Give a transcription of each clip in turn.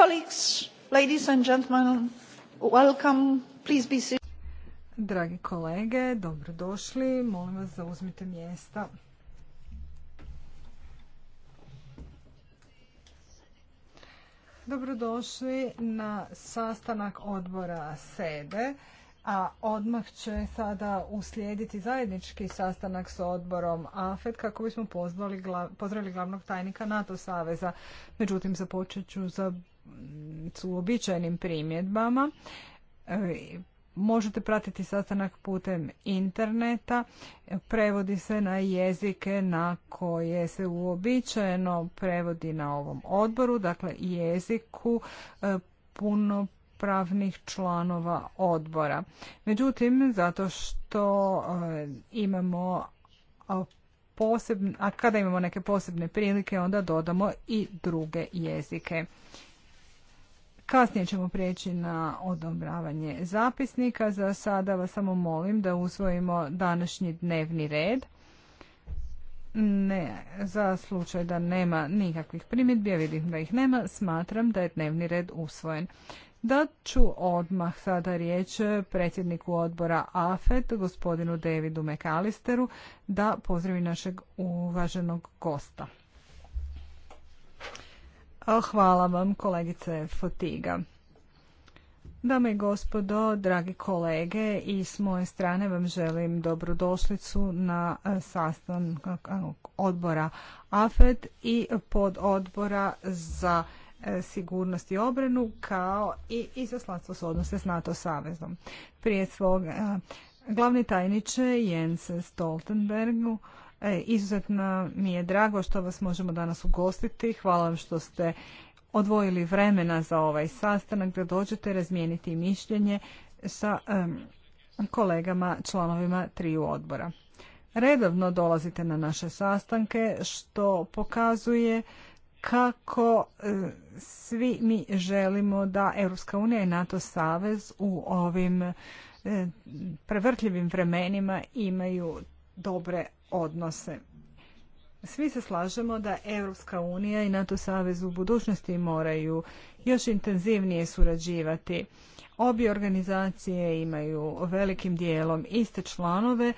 Colleagues, ladies and gentlemen, welcome. Please be seated. Dragi kolege, dobrodošli. Molim vas zauzmite mjesta. Dobrodošli na sastanak odbora SEDE, a odmah će sada uslijediti zajednički sastanak s odborom afet kako bismo pozvali, pozdravili glavnog tajnika NATO saveza. Međutim, započet ću za s uobičajenim primjedbama. E, možete pratiti sastanak putem interneta. Prevodi se na jezike na koje se uobičajeno prevodi na ovom odboru, dakle jeziku e, punopravnih članova odbora. Međutim, zato što e, imamo posebne, a kada imamo neke posebne prilike, onda dodamo i druge jezike. Kasnije ćemo prijeći na odobravanje zapisnika. Za sada vas samo molim da usvojimo današnji dnevni red. Ne, za slučaj da nema nikakvih primjedbi, ja vidim da ih nema, smatram da je dnevni red usvojen. Da ću odmah sada riječ predsjedniku odbora AFET, gospodinu Davidu McAllisteru, da pozdravi našeg uvaženog gosta. Hvala vam kolegice Fotiga. Dame i gospodo, dragi kolege i s moje strane vam želim dobrodošlicu na e, sastan odbora AFED i pod Odbora za e, sigurnost i obranu kao i izaslanstvo s odnose s NATO savezom. Prije svog e, glavni tajniče Jens Stoltenbergu E, izuzetno mi je drago što vas možemo danas ugostiti. Hvala vam što ste odvojili vremena za ovaj sastanak da dođete razmijeniti mišljenje sa kolegama članovima triju odbora. Redovno dolazite na naše sastanke što pokazuje kako e, svi mi želimo da Europska unija i NATO savez u ovim e, prevrtljivim vremenima imaju dobre odnose. Svi se slažemo da Europska unija i NATO savez u budućnosti moraju još intenzivnije surađivati. Obje organizacije imaju velikim dijelom iste članove,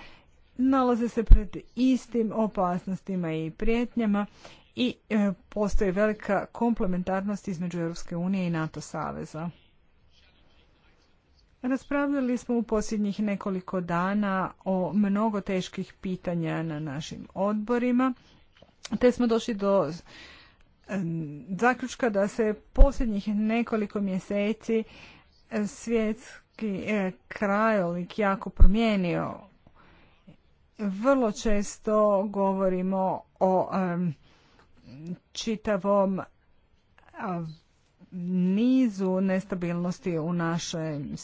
nalaze se pred istim opasnostima i prijetnjama i e, postoji velika komplementarnost između Europske unije i NATO saveza. Raspravljali smo u posljednjih nekoliko dana o mnogo teških pitanja na našim odborima, te smo došli do e, zaključka da se posljednjih nekoliko mjeseci e, svjetski e, krajolik jako promijenio. Vrlo često govorimo o čitavom nizu nestabilnosti u našem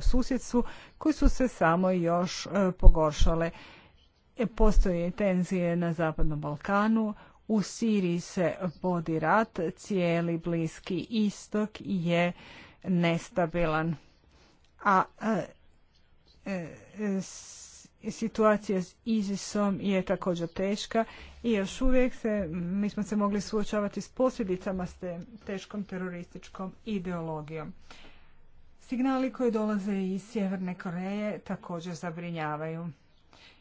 susjedstvu koji su se samo još e, pogoršale. E, postoje tenzije na Zapadnom Balkanu, u Siriji se vodi rat, cijeli bliski istok je nestabilan. A e, situacija s ISISom je također teška i još uvijek se, mi smo se mogli suočavati s posljedicama s teškom terorističkom ideologijom. Signali koji dolaze iz Sjeverne Koreje također zabrinjavaju.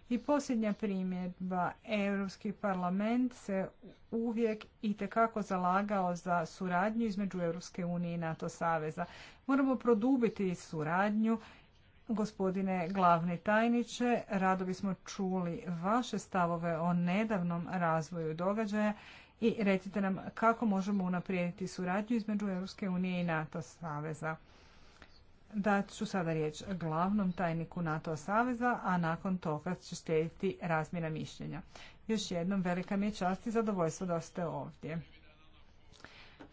I posljednja primjedba, Europski parlament se uvijek i tekako zalagao za suradnju između Europske unije i NATO saveza. Moramo produbiti suradnju Gospodine glavni tajniče, rado bismo čuli vaše stavove o nedavnom razvoju događaja i recite nam kako možemo unaprijediti suradnju između Europske unije i NATO saveza. Da ću sada riječ glavnom tajniku NATO saveza, a nakon toga će slijediti razmjena mišljenja. Još jednom velika mi je čast i zadovoljstvo da ste ovdje.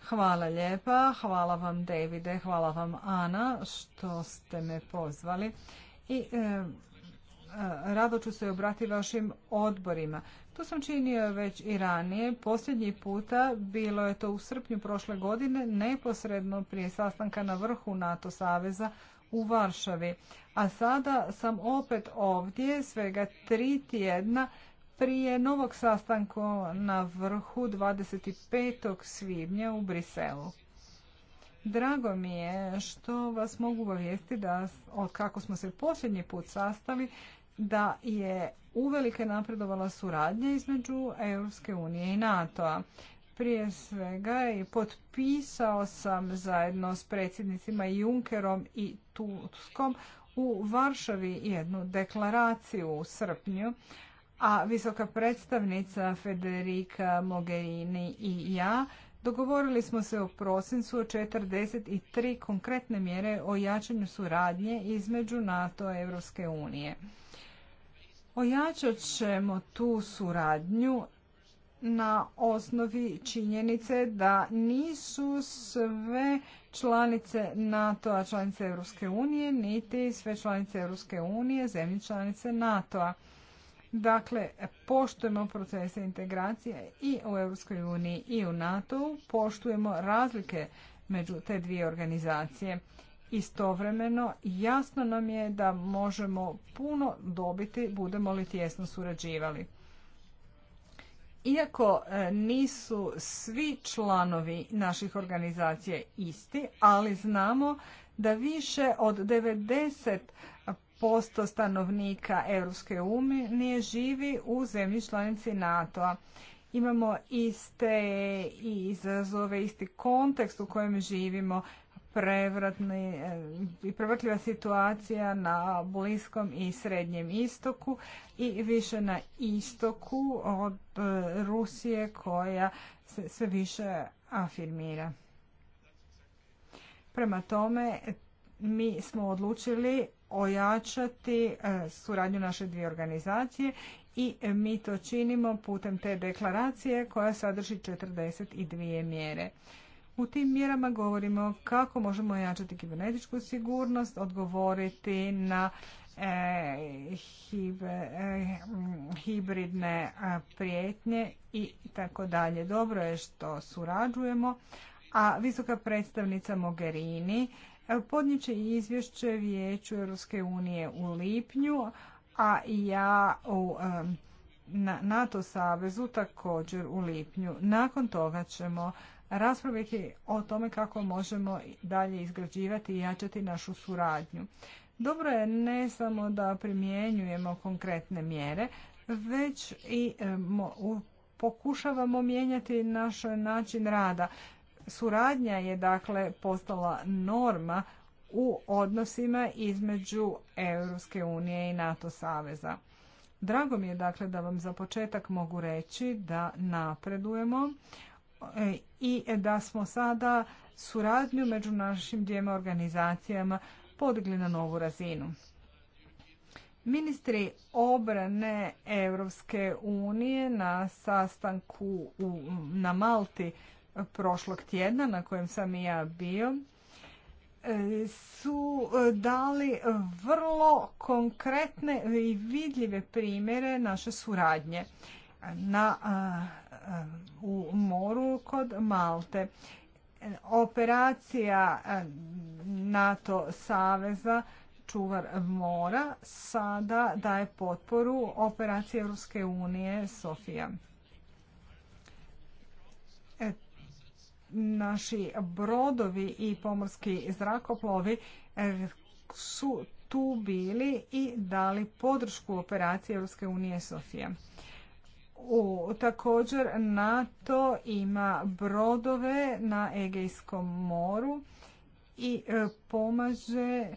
Hvala lijepa, hvala vam Davide, hvala vam Ana što ste me pozvali i e, e, rado ću se obrati vašim odborima. To sam činio već i ranije. Posljednji puta bilo je to u srpnju prošle godine, neposredno prije sastanka na vrhu NATO saveza u Varšavi. A sada sam opet ovdje svega tri tjedna prije novog sastanka na vrhu 25. svibnja u Briselu. Drago mi je što vas mogu obavijesti da od kako smo se posljednji put sastali da je uvelike napredovala suradnja između Europske unije i NATO-a. Prije svega i potpisao sam zajedno s predsjednicima Junckerom i Tuskom u Varšavi jednu deklaraciju u srpnju a visoka predstavnica Federica Mogherini i ja dogovorili smo se u prosincu o 43 konkretne mjere o jačanju suradnje između NATO i Europske unije. Ojačat ćemo tu suradnju na osnovi činjenice da nisu sve članice NATO-a članice Europske unije, niti sve članice Europske unije zemlje članice NATO-a. Dakle, poštujemo procese integracije i u Europskoj uniji i u NATO-u, poštujemo razlike među te dvije organizacije. Istovremeno, jasno nam je da možemo puno dobiti, budemo li tjesno surađivali. Iako e, nisu svi članovi naših organizacija isti, ali znamo da više od 90 posto stanovnika Europske unije živi u zemlji članici NATO-a. Imamo iste izazove, isti kontekst u kojem živimo, prevratni e, i prevrtljiva situacija na Bliskom i Srednjem istoku i više na istoku od e, Rusije koja se sve više afirmira. Prema tome, mi smo odlučili ojačati e, suradnju naše dvije organizacije i mi to činimo putem te deklaracije koja sadrži 42 mjere. U tim mjerama govorimo kako možemo ojačati kibernetičku sigurnost, odgovoriti na e, e, hibridne prijetnje i tako dalje. Dobro je što surađujemo, a visoka predstavnica Mogherini podnijet će izvješće Vijeću Europske unije u lipnju, a ja u NATO savezu također u lipnju. Nakon toga ćemo raspraviti o tome kako možemo dalje izgrađivati i jačati našu suradnju. Dobro je ne samo da primjenjujemo konkretne mjere, već i pokušavamo mijenjati naš način rada Suradnja je dakle postala norma u odnosima između Europske unije i NATO saveza. Drago mi je dakle da vam za početak mogu reći da napredujemo e, i da smo sada suradnju među našim dvijema organizacijama podigli na novu razinu. Ministri obrane Europske unije na sastanku na Malti prošlog tjedna na kojem sam i ja bio e, su e, dali vrlo konkretne i vidljive primjere naše suradnje na, u moru kod Malte. E, operacija NATO saveza čuvar mora sada daje potporu operacije Europske unije Sofija. naši brodovi i pomorski zrakoplovi e, su tu bili i dali podršku operaciji Europske unije Sofije. U, također NATO ima brodove na Egejskom moru i e, pomaže e,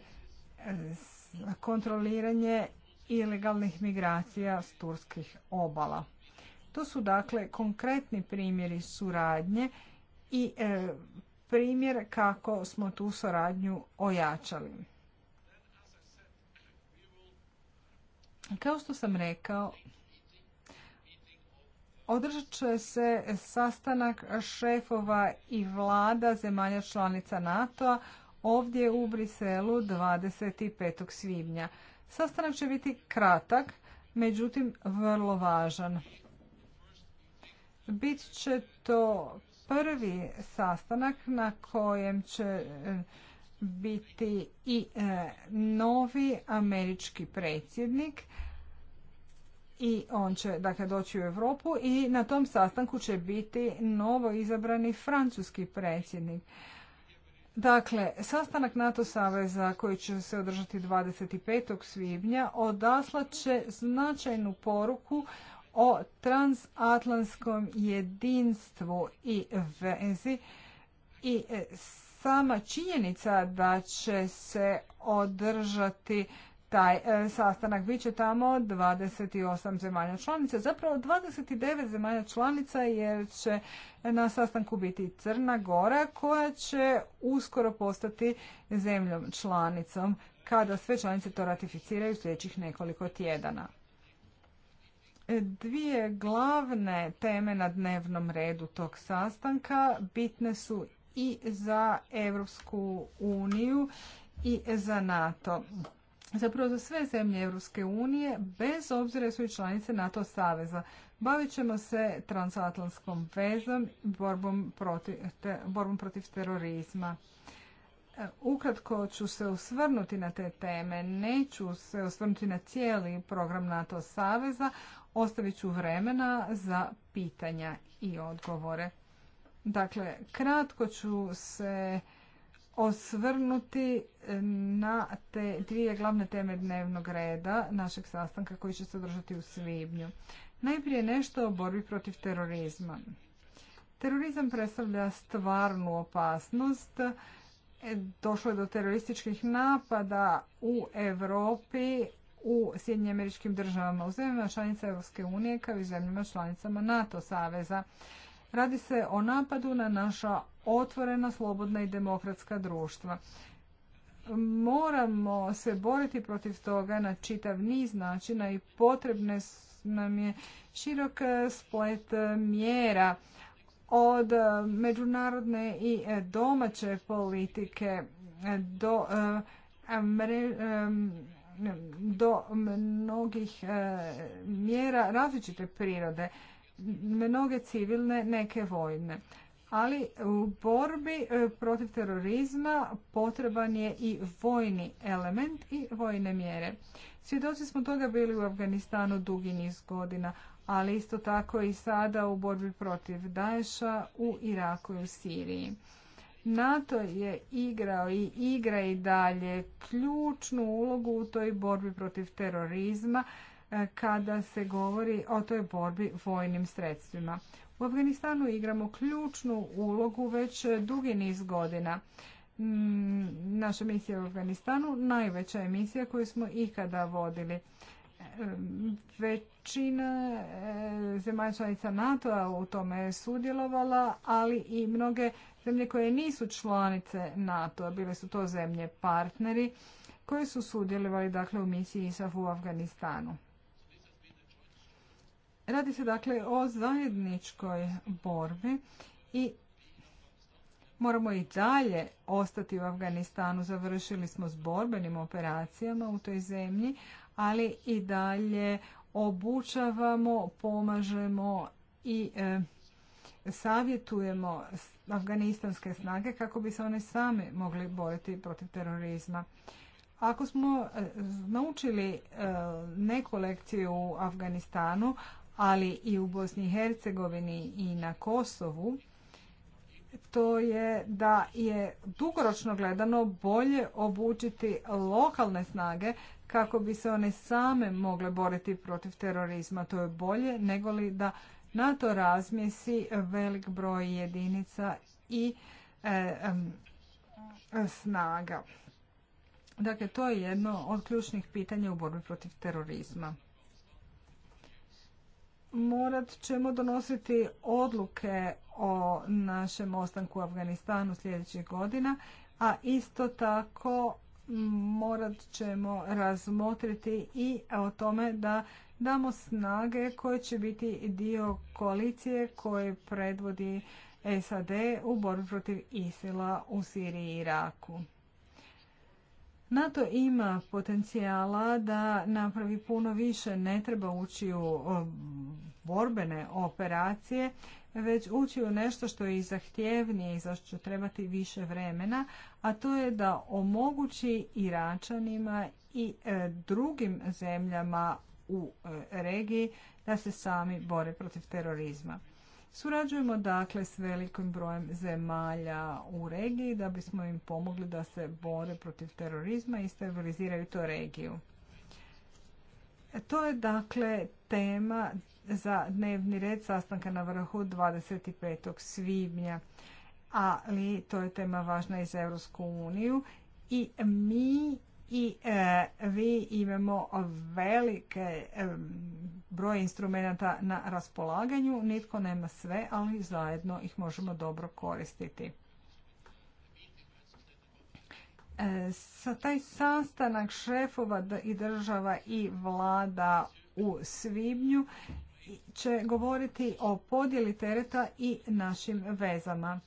kontroliranje ilegalnih migracija s turskih obala. To su dakle konkretni primjeri suradnje i e, primjer kako smo tu suradnju ojačali. Kao što sam rekao, održat će se sastanak šefova i vlada zemalja članica NATO-a ovdje u Briselu 25. svibnja. Sastanak će biti kratak, međutim vrlo važan. Bit će to prvi sastanak na kojem će e, biti i e, novi američki predsjednik i on će dakle doći u Europu i na tom sastanku će biti novo izabrani francuski predsjednik. Dakle, sastanak NATO saveza koji će se održati 25. svibnja će značajnu poruku o transatlantskom jedinstvu i vezi i e, sama činjenica da će se održati taj e, sastanak bit će tamo 28 zemalja članica, zapravo 29 zemalja članica jer će na sastanku biti Crna Gora koja će uskoro postati zemljom članicom kada sve članice to ratificiraju sljedećih nekoliko tjedana. Dvije glavne teme na dnevnom redu tog sastanka bitne su i za Europsku uniju i za NATO. Zapravo za sve zemlje Europske unije, bez obzira su i članice NATO saveza. Bavit ćemo se transatlantskom vezom i borbom protiv, borbom protiv terorizma. Ukratko ću se osvrnuti na te teme. Neću se osvrnuti na cijeli program NATO Saveza. Ostavit ću vremena za pitanja i odgovore. Dakle, kratko ću se osvrnuti na te dvije glavne teme dnevnog reda našeg sastanka koji će se održati u svibnju. Najprije nešto o borbi protiv terorizma. Terorizam predstavlja stvarnu opasnost. E, došlo je do terorističkih napada u Europi u Sjedinjim američkim državama, u zemljama članica Europske unije kao i zemljama članicama NATO saveza. Radi se o napadu na naša otvorena, slobodna i demokratska društva. Moramo se boriti protiv toga na čitav niz načina i potrebne nam je širok e, splet e, mjera od e, međunarodne i domaće politike do do mnogih e, mjera različite prirode, mnoge civilne, neke vojne. Ali u borbi e, protiv terorizma potreban je i vojni element i vojne mjere. Svjedoci smo toga bili u Afganistanu dugi niz godina, ali isto tako i sada u borbi protiv Daesha u Iraku i u Siriji. NATO je igrao i igra i dalje ključnu ulogu u toj borbi protiv terorizma e, kada se govori o toj borbi vojnim sredstvima. U Afganistanu igramo ključnu ulogu već dugi niz godina. Mm, naša misija u Afganistanu najveća misija koju smo ikada vodili. E, većina e, zemalja članica NATO-a u tome je sudjelovala, ali i mnoge zemlje koje nisu članice NATO-a, bile su to zemlje partneri koji su sudjelovali dakle, u misiji ISAF u Afganistanu. Radi se dakle o zajedničkoj borbi i moramo i dalje ostati u Afganistanu. Završili smo s borbenim operacijama u toj zemlji, ali i dalje obučavamo, pomažemo i eh, savjetujemo afganistanske snage kako bi se one same mogli boriti protiv terorizma. Ako smo e, naučili e, neku lekciju u Afganistanu, ali i u Bosni i Hercegovini i na Kosovu, to je da je dugoročno gledano bolje obučiti lokalne snage kako bi se one same mogle boriti protiv terorizma. To je bolje nego li da na to razmjesi velik broj jedinica i e, snaga. Dakle, to je jedno od ključnih pitanja u borbi protiv terorizma. Morat ćemo donositi odluke o našem ostanku u Afganistanu sljedećih godina, a isto tako morat ćemo razmotriti i o tome da damo snage koje će biti dio koalicije koje predvodi SAD u borbi protiv ISIL-a u Siriji i Iraku. NATO ima potencijala da napravi puno više, ne treba ući u borbene operacije, već ući u nešto što je i zahtjevnije i za što će trebati više vremena, a to je da omogući Iračanima i e, drugim zemljama u e, regiji da se sami bore protiv terorizma. Surađujemo dakle s velikim brojem zemalja u regiji da bismo im pomogli da se bore protiv terorizma i stabiliziraju to regiju. E, to je dakle tema za dnevni red sastanka na vrhu 25. svibnja, ali to je tema važna i za Europsku uniju i mi i e, vi imamo velike e, broj instrumenta na raspolaganju. Nitko nema sve, ali zajedno ih možemo dobro koristiti. E, sa taj sastanak šefova i država i vlada u Svibnju će govoriti o podjeli tereta i našim vezama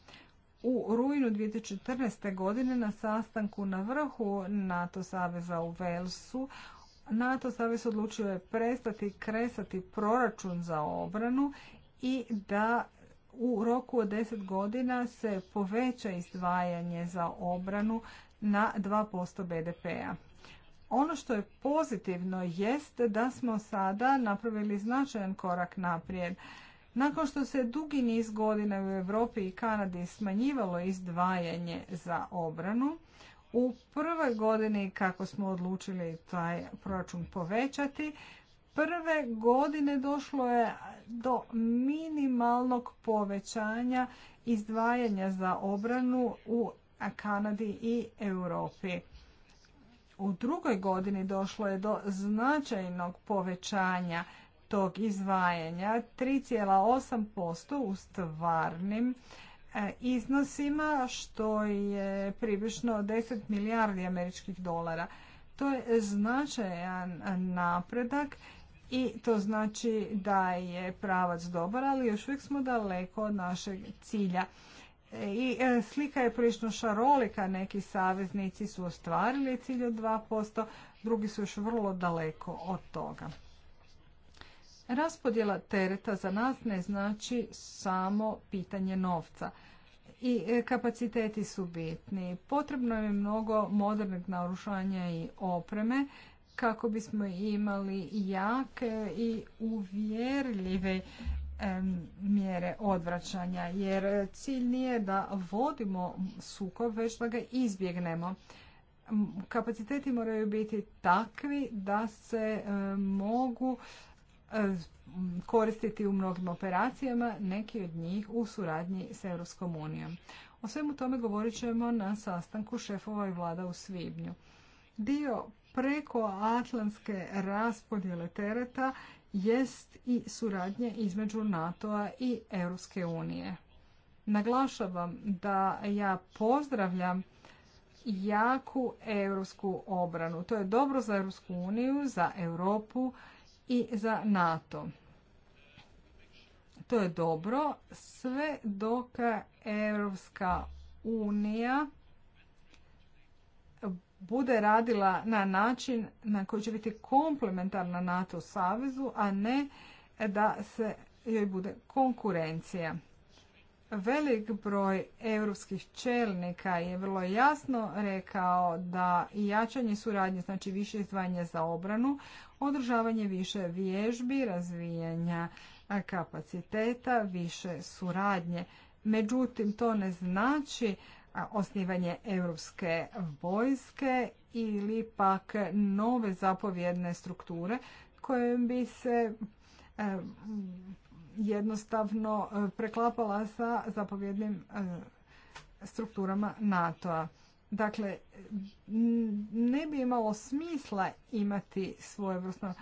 u rujnu 2014. godine na sastanku na vrhu NATO saveza u Velsu NATO savez odlučio je prestati kresati proračun za obranu i da u roku od 10 godina se poveća izdvajanje za obranu na 2% BDP-a. Ono što je pozitivno jest da smo sada napravili značajan korak naprijed nakon što se dugi niz godina u Europi i Kanadi smanjivalo izdvajanje za obranu, u prvoj godini kako smo odlučili taj proračun povećati, prve godine došlo je do minimalnog povećanja izdvajanja za obranu u Kanadi i Europi. U drugoj godini došlo je do značajnog povećanja tog izvajanja 3,8% u stvarnim e, iznosima, što je približno 10 milijardi američkih dolara. To je značajan napredak i to znači da je pravac dobar, ali još uvijek smo daleko od našeg cilja. E, I e, slika je prilično šarolika, neki saveznici su ostvarili cilj od 2%, drugi su još vrlo daleko od toga. Raspodjela tereta za nas ne znači samo pitanje novca. I e, kapaciteti su bitni. Potrebno je mnogo modernog naoružanja i opreme kako bismo imali jake i uvjerljive mjere odvraćanja, jer cilj nije da vodimo sukob, već da ga izbjegnemo. Kapaciteti moraju biti takvi da se e, mogu koristiti u mnogim operacijama, neki od njih u suradnji s Europskom unijom. O svemu tome govorit ćemo na sastanku šefova i vlada u Svibnju. Dio preko atlantske raspodjele tereta jest i suradnje između NATO-a i Europske unije. Naglašavam da ja pozdravljam jaku europsku obranu. To je dobro za Europsku uniju, za Europu, i za NATO. To je dobro sve dok Europska unija bude radila na način na koji će biti komplementarna NATO savezu, a ne da se joj bude konkurencija. Velik broj europskih čelnika je vrlo jasno rekao da jačanje suradnje, znači više izdvajanje za obranu, održavanje više vježbi, razvijanja kapaciteta, više suradnje. Međutim, to ne znači osnivanje europske vojske ili pak nove zapovjedne strukture kojim bi se jednostavno preklapala sa zapovjednim strukturama NATO-a. Dakle, ne bi imalo smisla imati svojevrsno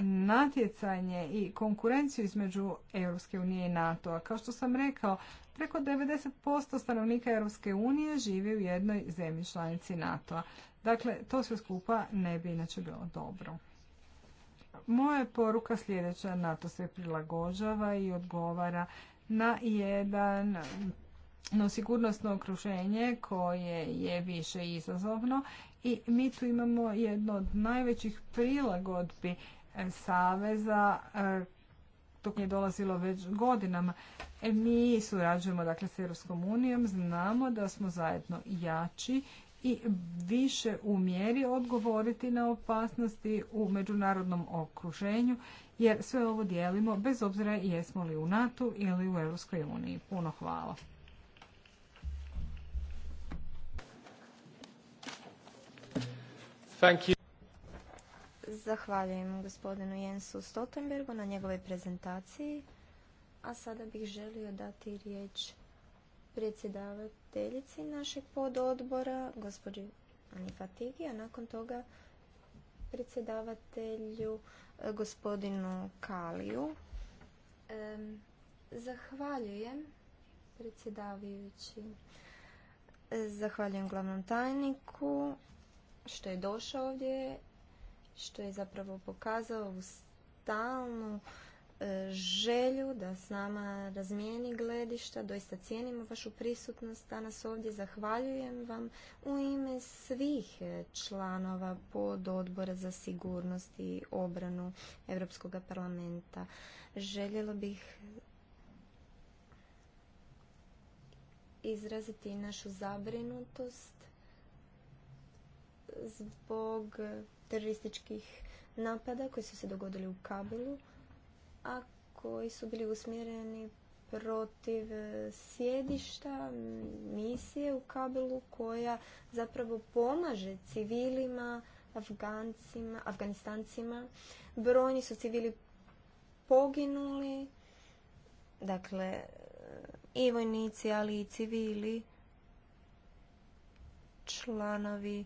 natjecanje i konkurenciju između Europske unije i NATO-a. Kao što sam rekao, preko 90% stanovnika Europske unije živi u jednoj zemlji članici NATO-a. Dakle, to sve skupa ne bi inače bilo dobro. Moja je poruka sljedeća, NATO se prilagođava i odgovara na jedan no sigurnosno okruženje koje je više izazovno i mi tu imamo jedno od najvećih prilagodbi e, Saveza e, dok je dolazilo već godinama. E, mi surađujemo dakle, s Europskom unijom, znamo da smo zajedno jači i više u mjeri odgovoriti na opasnosti u međunarodnom okruženju, jer sve ovo dijelimo bez obzira jesmo li u NATO ili u Europskoj uniji. Puno hvala. Zahvaljujem gospodinu Jensu Stoltenbergu na njegovoj prezentaciji. A sada bih želio dati riječ predsjedavateljici našeg pododbora, gospođi Ani Fatigi, a nakon toga predsjedavatelju eh, gospodinu Kaliju. zahvaljujem predsjedavajući. Zahvaljujem glavnom tajniku što je došao ovdje, što je zapravo pokazao u stalnu e, želju da s nama razmijeni gledišta. Doista cijenimo vašu prisutnost danas ovdje. Zahvaljujem vam u ime svih e, članova pod odbora za sigurnost i obranu Europskog parlamenta. Željela bih izraziti našu zabrinutost zbog terorističkih napada koji su se dogodili u Kabulu, a koji su bili usmjereni protiv e, sjedišta misije u Kabulu koja zapravo pomaže civilima, Afgancima, Afganistancima. Brojni su civili poginuli, dakle e, i vojnici, ali i civili, članovi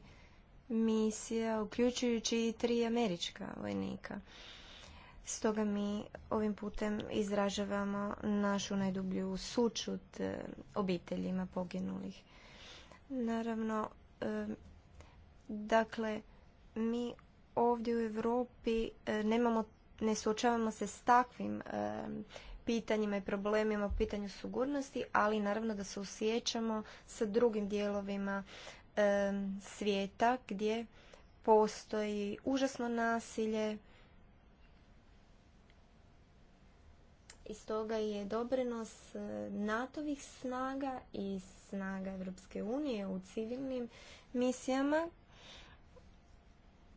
misija, uključujući i tri američka vojnika. Stoga mi ovim putem izražavamo našu najdublju sučut e, obiteljima poginulih. Naravno, e, dakle, mi ovdje u Europi e, nemamo, ne suočavamo se s takvim pitanjima i problemima u pitanju sigurnosti, ali naravno da se usjećamo sa drugim dijelovima svijeta gdje postoji užasno nasilje i stoga je doprinos e, natovih snaga i snaga Europske unije u civilnim misijama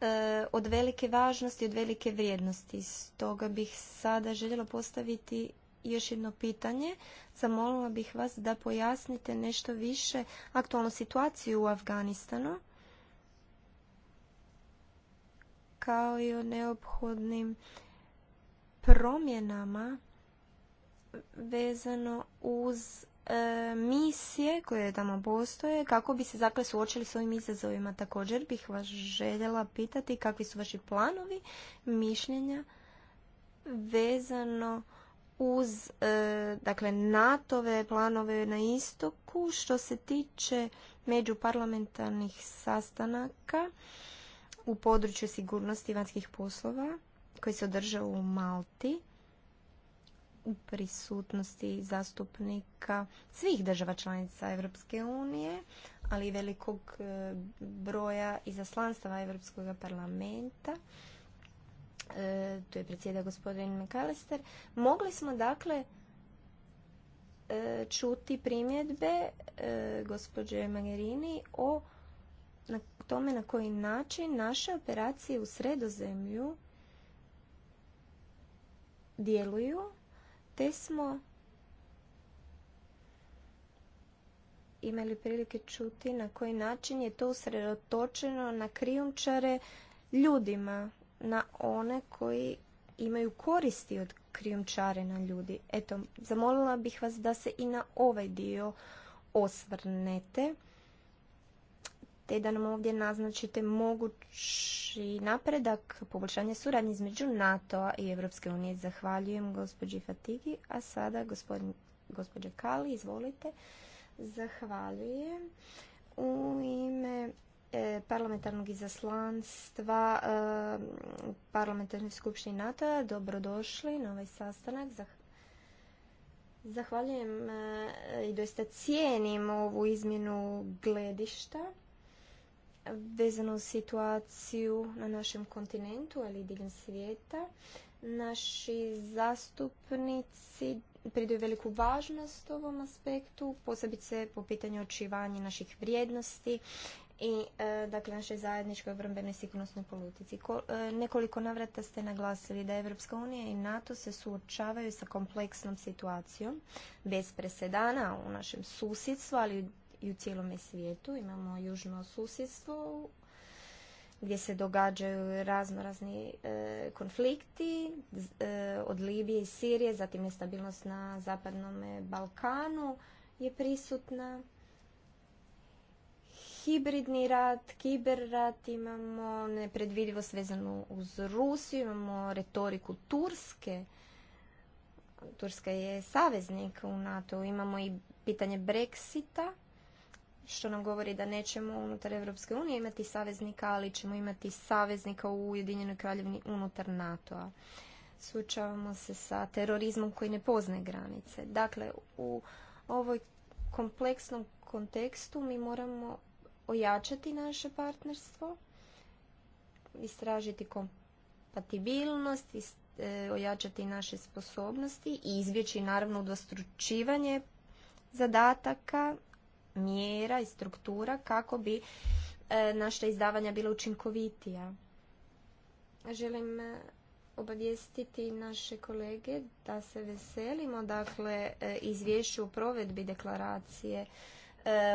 e, od velike važnosti, od velike vrijednosti. Stoga bih sada željela postaviti još jedno pitanje. Zamolila bih vas da pojasnite nešto više aktualnu situaciju u Afganistanu kao i o neophodnim promjenama vezano uz e, misije koje tamo postoje kako bi se dakle suočili s ovim izazovima. Također bih vas željela pitati kakvi su vaši planovi, mišljenja vezano uz e, dakle nato planove na istoku što se tiče međuparlamentarnih sastanaka u području sigurnosti i vanjskih poslova koji se održa u Malti u prisutnosti zastupnika svih država članica Europske unije, ali i velikog e, broja izaslanstava Europskog parlamenta. E, tu je predsjeda gospodin McAllister, mogli smo dakle e, čuti primjedbe e, gospođe Magherini o tome na koji način naše operacije u sredozemlju djeluju, te smo imali prilike čuti na koji način je to usredotočeno na krijumčare ljudima na one koji imaju koristi od krijumčarenja ljudi. Eto, zamolila bih vas da se i na ovaj dio osvrnete te da nam ovdje naznačite mogući napredak poboljšanje suradnje između NATO-a i Europske unije. Zahvaljujem gospođi Fatigi, a sada gospodin, Kali, izvolite. Zahvaljujem parlamentarnog izaslanstva eh, parlamentarnoj skupštini nato Dobrodošli na ovaj sastanak. Zahvaljujem eh, i doista cijenim ovu izmjenu gledišta vezano situaciju na našem kontinentu, ali i diljem svijeta. Naši zastupnici pridaju veliku važnost ovom aspektu, posebice po pitanju očivanja naših vrijednosti i e, dakle našoj zajedničkoj obrambenoj sigurnosnoj politici. E, nekoliko navrata ste naglasili da Evropska unija i NATO se suočavaju sa kompleksnom situacijom bez presedana u našem susjedstvu, ali i u cijelome svijetu. Imamo južno susjedstvo gdje se događaju raznorazni e, konflikti e, od Libije i Sirije, zatim nestabilnost na zapadnom Balkanu je prisutna hibridni rat, kiber rat, imamo nepredvidivost vezanu uz Rusiju, imamo retoriku Turske. Turska je saveznik u NATO, imamo i pitanje Brexita, što nam govori da nećemo unutar Europske unije imati saveznika, ali ćemo imati saveznika u Ujedinjenoj kraljevini unutar NATO-a. Suočavamo se sa terorizmom koji ne poznaje granice. Dakle, u ovoj kompleksnom kontekstu mi moramo ojačati naše partnerstvo, istražiti kompatibilnost, e, ojačati naše sposobnosti i izbjeći naravno udvostručivanje zadataka, mjera i struktura kako bi e, naša izdavanja bila učinkovitija. Želim e, obavijestiti naše kolege da se veselimo dakle izvješću o provedbi deklaracije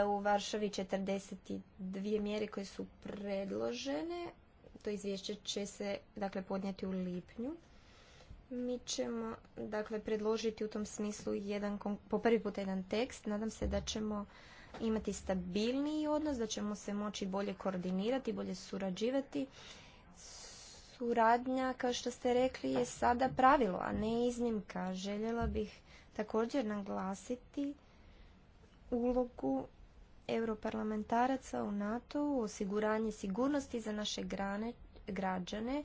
u Varšavi 42 mjere koje su predložene. To izvješće će se dakle, podnijeti u lipnju. Mi ćemo dakle, predložiti u tom smislu jedan, po prvi put jedan tekst. Nadam se da ćemo imati stabilniji odnos, da ćemo se moći bolje koordinirati, bolje surađivati. Suradnja, kao što ste rekli, je sada pravilo, a ne iznimka. Željela bih također naglasiti ulogu europarlamentaraca u nato osiguranje sigurnosti za naše građane,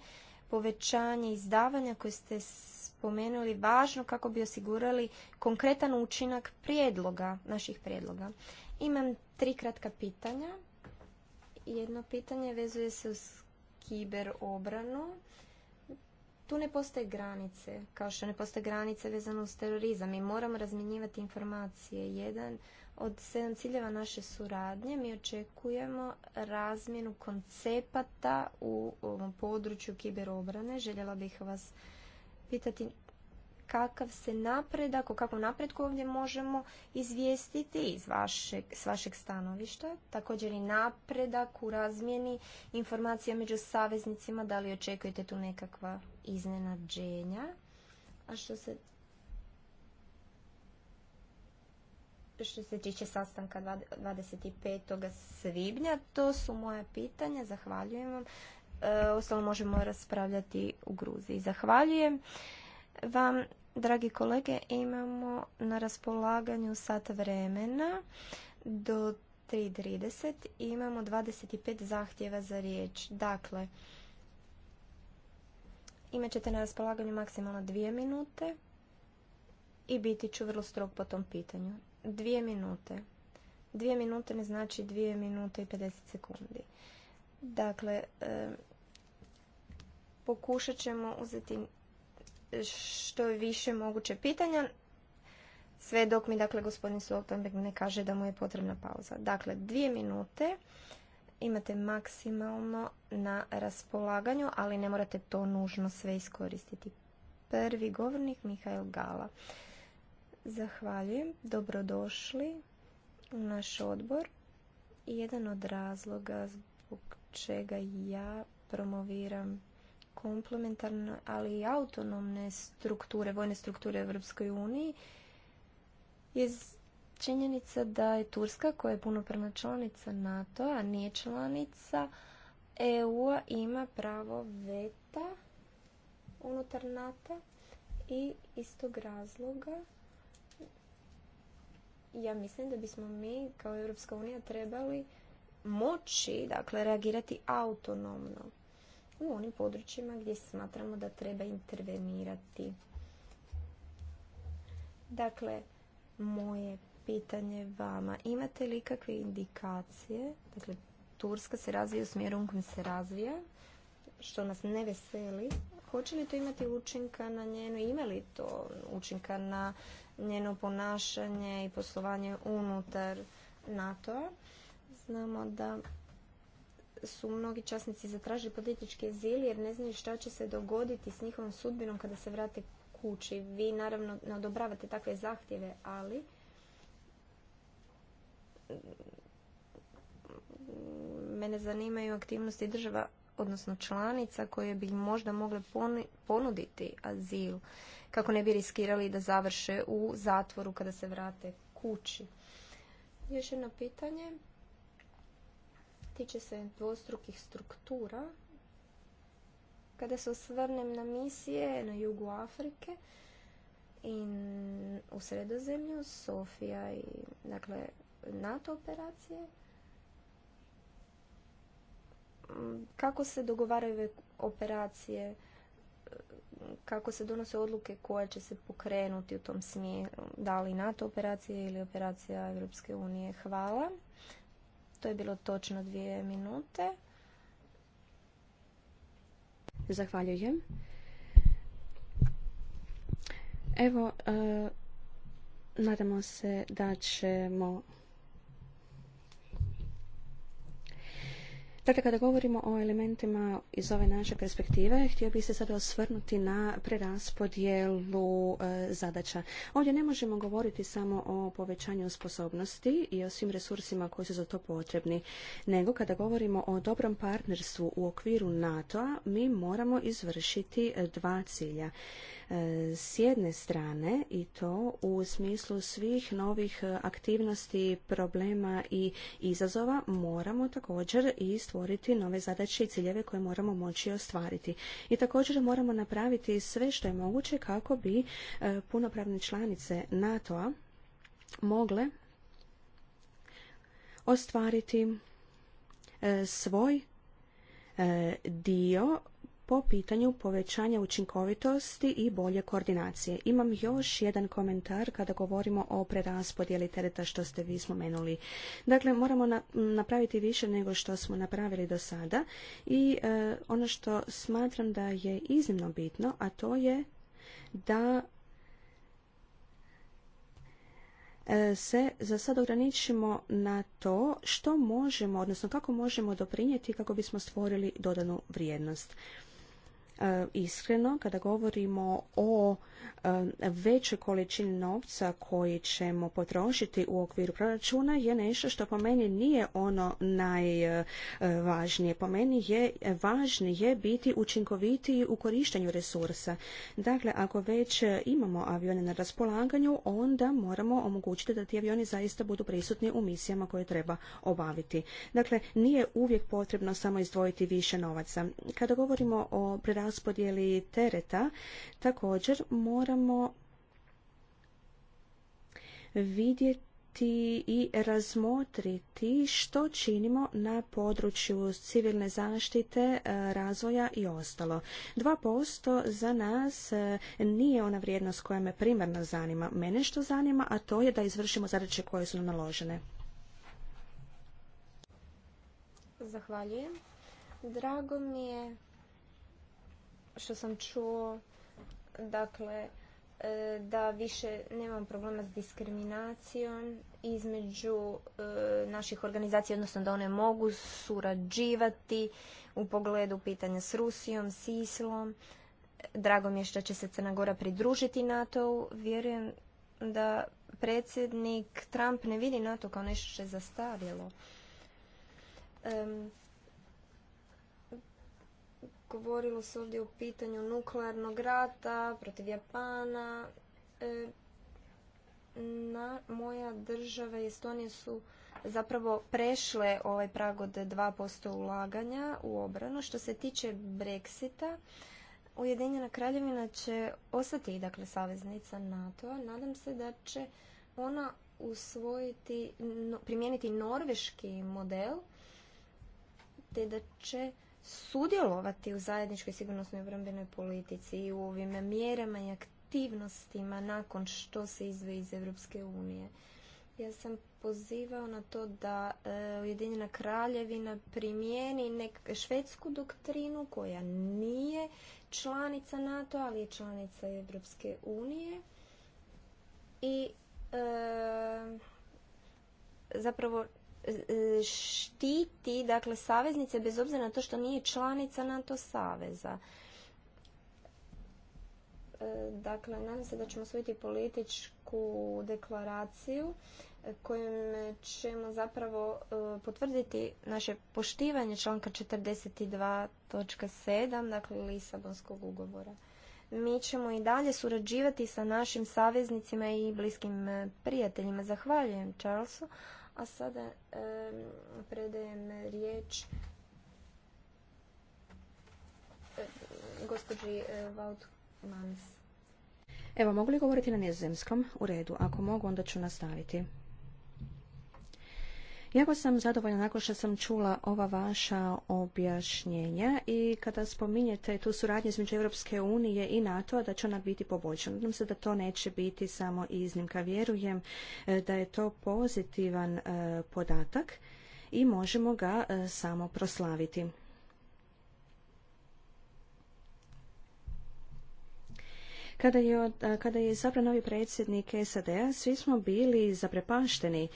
povećanje izdavanja koje ste spomenuli važno kako bi osigurali konkretan učinak prijedloga, naših prijedloga. Imam tri kratka pitanja. Jedno pitanje vezuje se uz kiberobranu. obranu tu ne postoje granice, kao što ne postoje granice vezano uz terorizam i moramo razminjivati informacije. Jedan od sedam ciljeva naše suradnje mi očekujemo razmjenu koncepata u ovom području kiberobrane. Željela bih vas pitati kakav se napredak, o kakvom napredku ovdje možemo izvijestiti iz vašeg, s vašeg stanovišta. Također i napredak u razmjeni informacija među saveznicima, da li očekujete tu nekakva iznenađenja. A što se što se tiče sastanka 25. svibnja, to su moja pitanja. Zahvaljujem vam. E, ostalo možemo raspravljati u Gruziji. Zahvaljujem vam Dragi kolege, imamo na raspolaganju sat vremena do 3.30 i imamo 25 zahtjeva za riječ. Dakle, imat ćete na raspolaganju maksimalno dvije minute i biti ću vrlo strog po tom pitanju. Dvije minute. Dvije minute ne znači dvije minute i 50 sekundi. Dakle, pokušat ćemo uzeti što je više moguće pitanja, sve dok mi, dakle, gospodin Stoltenberg ne kaže da mu je potrebna pauza. Dakle, dvije minute imate maksimalno na raspolaganju, ali ne morate to nužno sve iskoristiti. Prvi govornik, Mihajl Gala. Zahvaljujem, dobrodošli u naš odbor. Jedan od razloga zbog čega ja promoviram komplementarne, ali i autonomne strukture, vojne strukture Europskoj uniji je činjenica da je Turska, koja je punopravna članica NATO, a nije članica EU, ima pravo veta unutar NATO i iz tog razloga ja mislim da bismo mi kao Europska unija trebali moći, dakle, reagirati autonomno u onim područjima gdje smatramo da treba intervenirati. Dakle, moje pitanje vama. Imate li kakve indikacije? Dakle, Turska se razvija u smjeru u kojem se razvija, što nas ne veseli. Hoće li to imati učinka na njeno, ima li to učinka na njeno ponašanje i poslovanje unutar NATO-a? Znamo da su mnogi časnici zatražili politički azil jer ne znaju šta će se dogoditi s njihovom sudbinom kada se vrate kući. Vi naravno ne odobravate takve zahtjeve, ali mene zanimaju aktivnosti država, odnosno članica koje bi možda mogle ponuditi azil kako ne bi riskirali da završe u zatvoru kada se vrate kući. Još jedno pitanje tiče se dvostrukih struktura. Kada se osvrnem na misije na jugu Afrike i u sredozemlju, Sofija i dakle, NATO operacije, kako se dogovaraju operacije, kako se donose odluke koje će se pokrenuti u tom smjeru, da li NATO operacije ili operacija Europske unije. Hvala. To je bilo točno dvije minute. Zahvaljujem. Evo, eh, nadamo se da ćemo Dakle, kada govorimo o elementima iz ove naše perspektive, htio bih se sada osvrnuti na preraspodjelu e, zadaća. Ovdje ne možemo govoriti samo o povećanju sposobnosti i o svim resursima koji su za to potrebni, nego kada govorimo o dobrom partnerstvu u okviru NATO-a, mi moramo izvršiti e, dva cilja. E, s jedne strane i to u smislu svih novih aktivnosti, problema i izazova moramo također i stvoriti nove zadaće i ciljeve koje moramo moći ostvariti. I također moramo napraviti sve što je moguće kako bi e, punopravne članice NATO-a mogle ostvariti e, svoj dio po pitanju povećanja učinkovitosti i bolje koordinacije. Imam još jedan komentar kada govorimo o preraspodjeli tereta što ste vi spomenuli. Dakle, moramo napraviti više nego što smo napravili do sada i e, ono što smatram da je iznimno bitno, a to je da e, se za sad ograničimo na to što možemo, odnosno kako možemo doprinijeti kako bismo stvorili dodanu vrijednost. E, iskreno kada govorimo o E, veće količini novca koji ćemo potrošiti u okviru proračuna je nešto što po meni nije ono najvažnije. Po meni je važnije biti učinkovitiji u korištenju resursa. Dakle, ako već imamo avione na raspolaganju, onda moramo omogućiti da ti avioni zaista budu prisutni u misijama koje treba obaviti. Dakle, nije uvijek potrebno samo izdvojiti više novaca. Kada govorimo o preraspodjeli tereta, također moramo vidjeti i razmotriti što činimo na području civilne zaštite, e, razvoja i ostalo. 2% za nas e, nije ona vrijednost koja me primarno zanima. Mene što zanima, a to je da izvršimo zadaće koje su nam naložene. Zahvaljujem. Drago mi je što sam čuo dakle e, da više nemam problema s diskriminacijom između e, naših organizacija, odnosno da one mogu surađivati u pogledu pitanja s Rusijom, s Islom. Drago mi je što će se Crna Gora pridružiti NATO-u. Vjerujem da predsjednik Trump ne vidi NATO kao nešto što je zastarjelo govorilo se ovdje o pitanju nuklearnog rata protiv Japana. E, na, moja država i Estonija su zapravo prešle ovaj prag od 2% ulaganja u obranu. Što se tiče Brexita, Ujedinjena kraljevina će ostati dakle, saveznica NATO-a. Nadam se da će ona usvojiti, primijeniti norveški model, te da će sudjelovati u zajedničkoj sigurnosnoj obrambenoj politici i u ovim mjerama i aktivnostima nakon što se izve iz Europske unije. Ja sam pozivao na to da e, Ujedinjena kraljevina primijeni nek švedsku doktrinu koja nije članica NATO, ali je članica Europske unije i e, zapravo E, štiti dakle saveznice bez obzira na to što nije članica NATO saveza. E, dakle, nadam se da ćemo usvojiti političku deklaraciju e, kojom ćemo zapravo potvrditi naše poštivanje članka 42.7, dakle Lisabonskog ugovora. Mi ćemo i dalje surađivati sa našim saveznicima i bliskim prijateljima. Zahvaljujem Charlesu, a sada predajem riječ gospođi e, Vautmans. Evo, mogu li govoriti na nizozemskom? U redu, ako mogu, onda ću nastaviti. Jako sam zadovoljna nakon što sam čula ova vaša objašnjenja i kada spominjete tu suradnju između Europske unije i NATO-a da će ona biti poboljšana. Nadam se da to neće biti samo iznimka. Vjerujem e, da je to pozitivan e, podatak i možemo ga e, samo proslaviti. Kada je, kada je izabran novi predsjednik SAD-a, svi smo bili zaprepašteni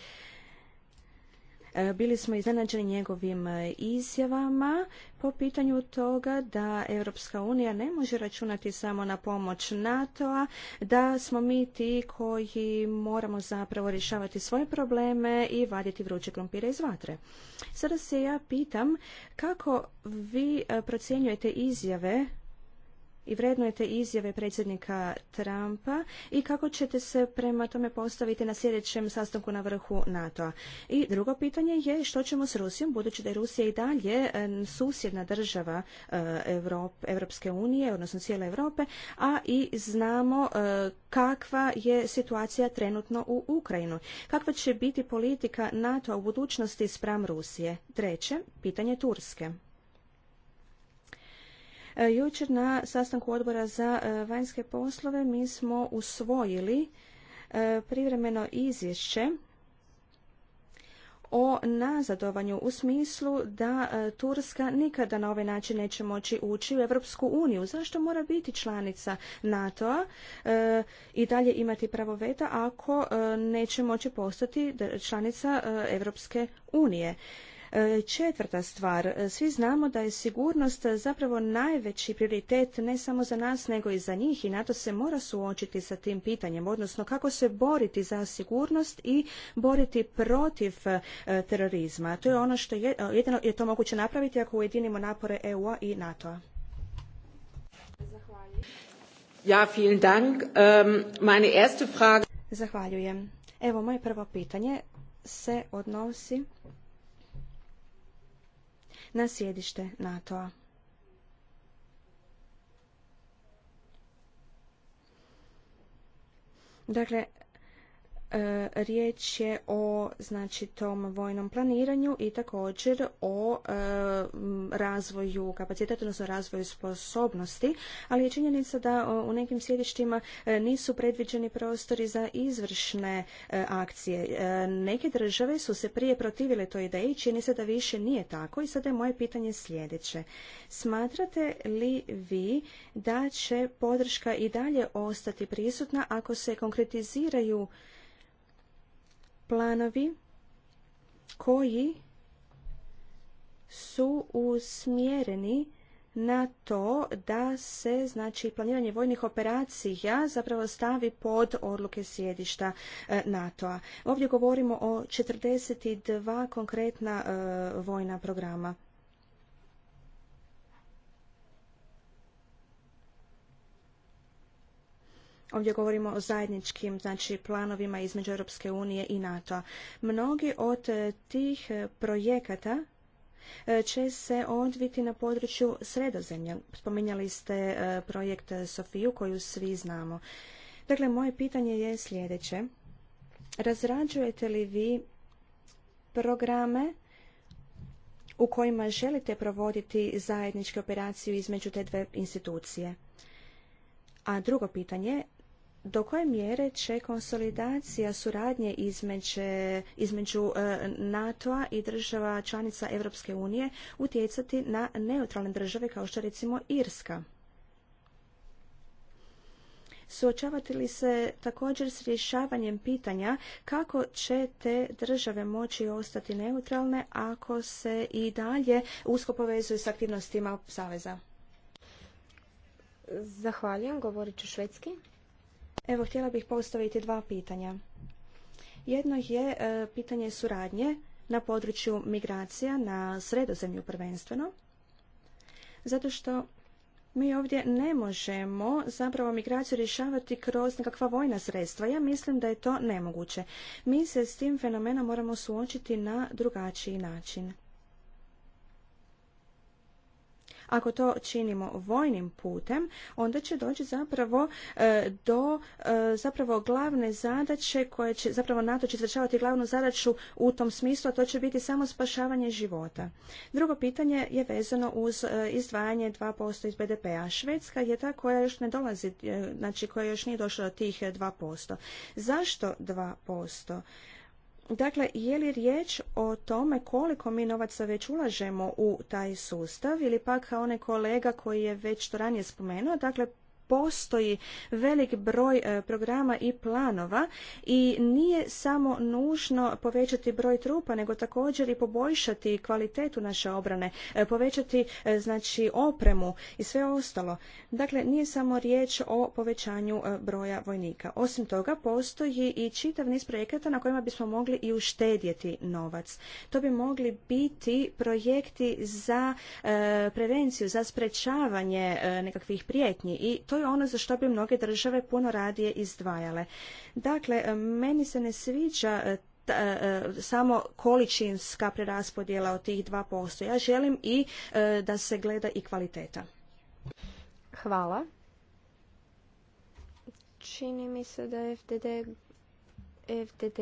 E, bili smo iznenađeni njegovim e, izjavama po pitanju toga da Europska unija ne može računati samo na pomoć NATO-a, da smo mi ti koji moramo zapravo rješavati svoje probleme i vaditi vruće krompire iz vatre. Sada se ja pitam kako vi e, procjenjujete izjave i vrednujete izjave predsjednika Trumpa i kako ćete se prema tome postaviti na sljedećem sastanku na vrhu NATO-a. I drugo pitanje je što ćemo s Rusijom, budući da je Rusija i dalje susjedna država e, Evrope, Evropske unije, odnosno cijele Europe, a i znamo e, kakva je situacija trenutno u Ukrajinu. Kakva će biti politika NATO u budućnosti spram Rusije? Treće, pitanje Turske. E, jučer na sastanku odbora za e, vanjske poslove mi smo usvojili e, privremeno izvješće o nazadovanju u smislu da Turska nikada na ovaj način neće moći ući u Europsku uniju. Zašto mora biti članica NATO-a i dalje imati pravo veta ako neće moći postati članica Europske unije? E, četvrta stvar, e, svi znamo da je sigurnost zapravo najveći prioritet ne samo za nas nego i za njih i NATO se mora suočiti sa tim pitanjem, odnosno kako se boriti za sigurnost i boriti protiv e, terorizma. To je ono što je, jedino je to moguće napraviti ako ujedinimo napore EU-a i NATO-a. Ja, vielen Dank. Ähm, meine erste Frage... Zahvaljujem. Evo, moje prvo pitanje se odnosi na sjedište NATO-a. Dakle, E, riječ je o znači tom vojnom planiranju i također o e, razvoju kapaciteta, odnosno razvoju sposobnosti, ali je činjenica da u nekim sjedištima e, nisu predviđeni prostori za izvršne akcije. Neke države su se prije protivile toj ideji, čini se da više nije tako i sada je moje pitanje sljedeće. Smatrate li vi da će podrška i dalje ostati prisutna ako se konkretiziraju planovi koji su usmjereni na to da se znači planiranje vojnih operacija zapravo stavi pod odluke sjedišta e, NATO-a. Ovdje govorimo o 42 konkretna e, vojna programa. Ovdje govorimo o zajedničkim znači, planovima između Europske unije i NATO. Mnogi od e, tih e, projekata e, će se odviti na području sredozemlja. Spominjali ste projekt Sofiju koju svi znamo. Dakle, moje pitanje je sljedeće. Razrađujete li vi programe u kojima želite provoditi zajedničke operaciju između te dve institucije? A drugo pitanje, do koje mjere će konsolidacija suradnje između, između e, NATO-a i država članica Europske unije utjecati na neutralne države kao što recimo Irska? Suočavate li se također s rješavanjem pitanja kako će te države moći ostati neutralne ako se i dalje usko povezuju s aktivnostima Saveza? Zahvaljujem, govorit ću švedski. Evo, htjela bih postaviti dva pitanja. Jedno je e, pitanje suradnje na području migracija na sredozemlju prvenstveno, zato što mi ovdje ne možemo zapravo migraciju rješavati kroz nekakva vojna sredstva. Ja mislim da je to nemoguće. Mi se s tim fenomenom moramo suočiti na drugačiji način. Ako to činimo vojnim putem, onda će doći zapravo e, do e, zapravo glavne zadaće koje će, zapravo NATO će izvršavati glavnu zadaću u tom smislu, a to će biti samo spašavanje života. Drugo pitanje je vezano uz e, izdvajanje 2% iz BDP-a. Švedska je ta koja još ne dolazi, znači koja još nije došla do tih 2%. Zašto 2%? Dakle, je li riječ o tome koliko mi novaca već ulažemo u taj sustav ili pak kao onaj kolega koji je već to ranije spomenuo, dakle postoji velik broj e, programa i planova i nije samo nužno povećati broj trupa, nego također i poboljšati kvalitetu naše obrane, e, povećati e, znači opremu i sve ostalo. Dakle, nije samo riječ o povećanju broja vojnika. Osim toga, postoji i čitav niz projekata na kojima bismo mogli i uštedjeti novac. To bi mogli biti projekti za prevenciju, za sprečavanje nekakvih prijetnji i to je ono za što bi mnoge države puno radije izdvajale. Dakle, meni se ne sviđa e, e, samo količinska preraspodjela od tih 2%. Ja želim i e, da se gleda i kvaliteta. Hvala. Čini mi se da FDD, FDD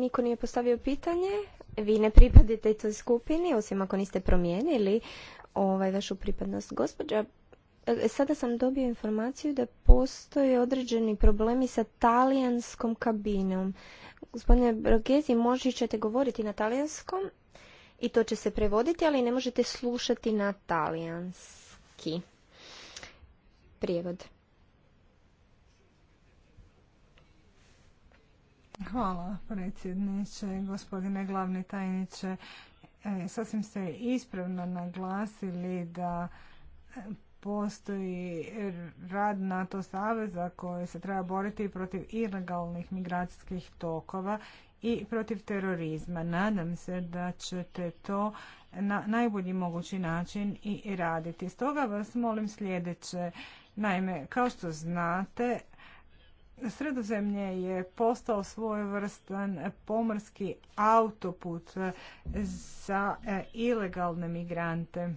niko nije postavio pitanje. Vi ne pripadite toj skupini, osim ako niste promijenili ovaj vašu pripadnost. Gospođa, e, sada sam dobio informaciju da postoje određeni problemi sa talijanskom kabinom. Gospodine Brogezi, možda ćete govoriti na talijanskom i to će se prevoditi, ali ne možete slušati na talijanski. Prijevod. Hvala predsjedniče, gospodine glavni tajniče. E, sasvim ste ispravno naglasili da e, postoji rad NATO saveza koji se treba boriti protiv ilegalnih migracijskih tokova i protiv terorizma. Nadam se da ćete to na najbolji mogući način i raditi. Stoga vas molim sljedeće. Naime, kao što znate, Sredozemlje je postao svojevrstan pomorski autoput za e, ilegalne migrante.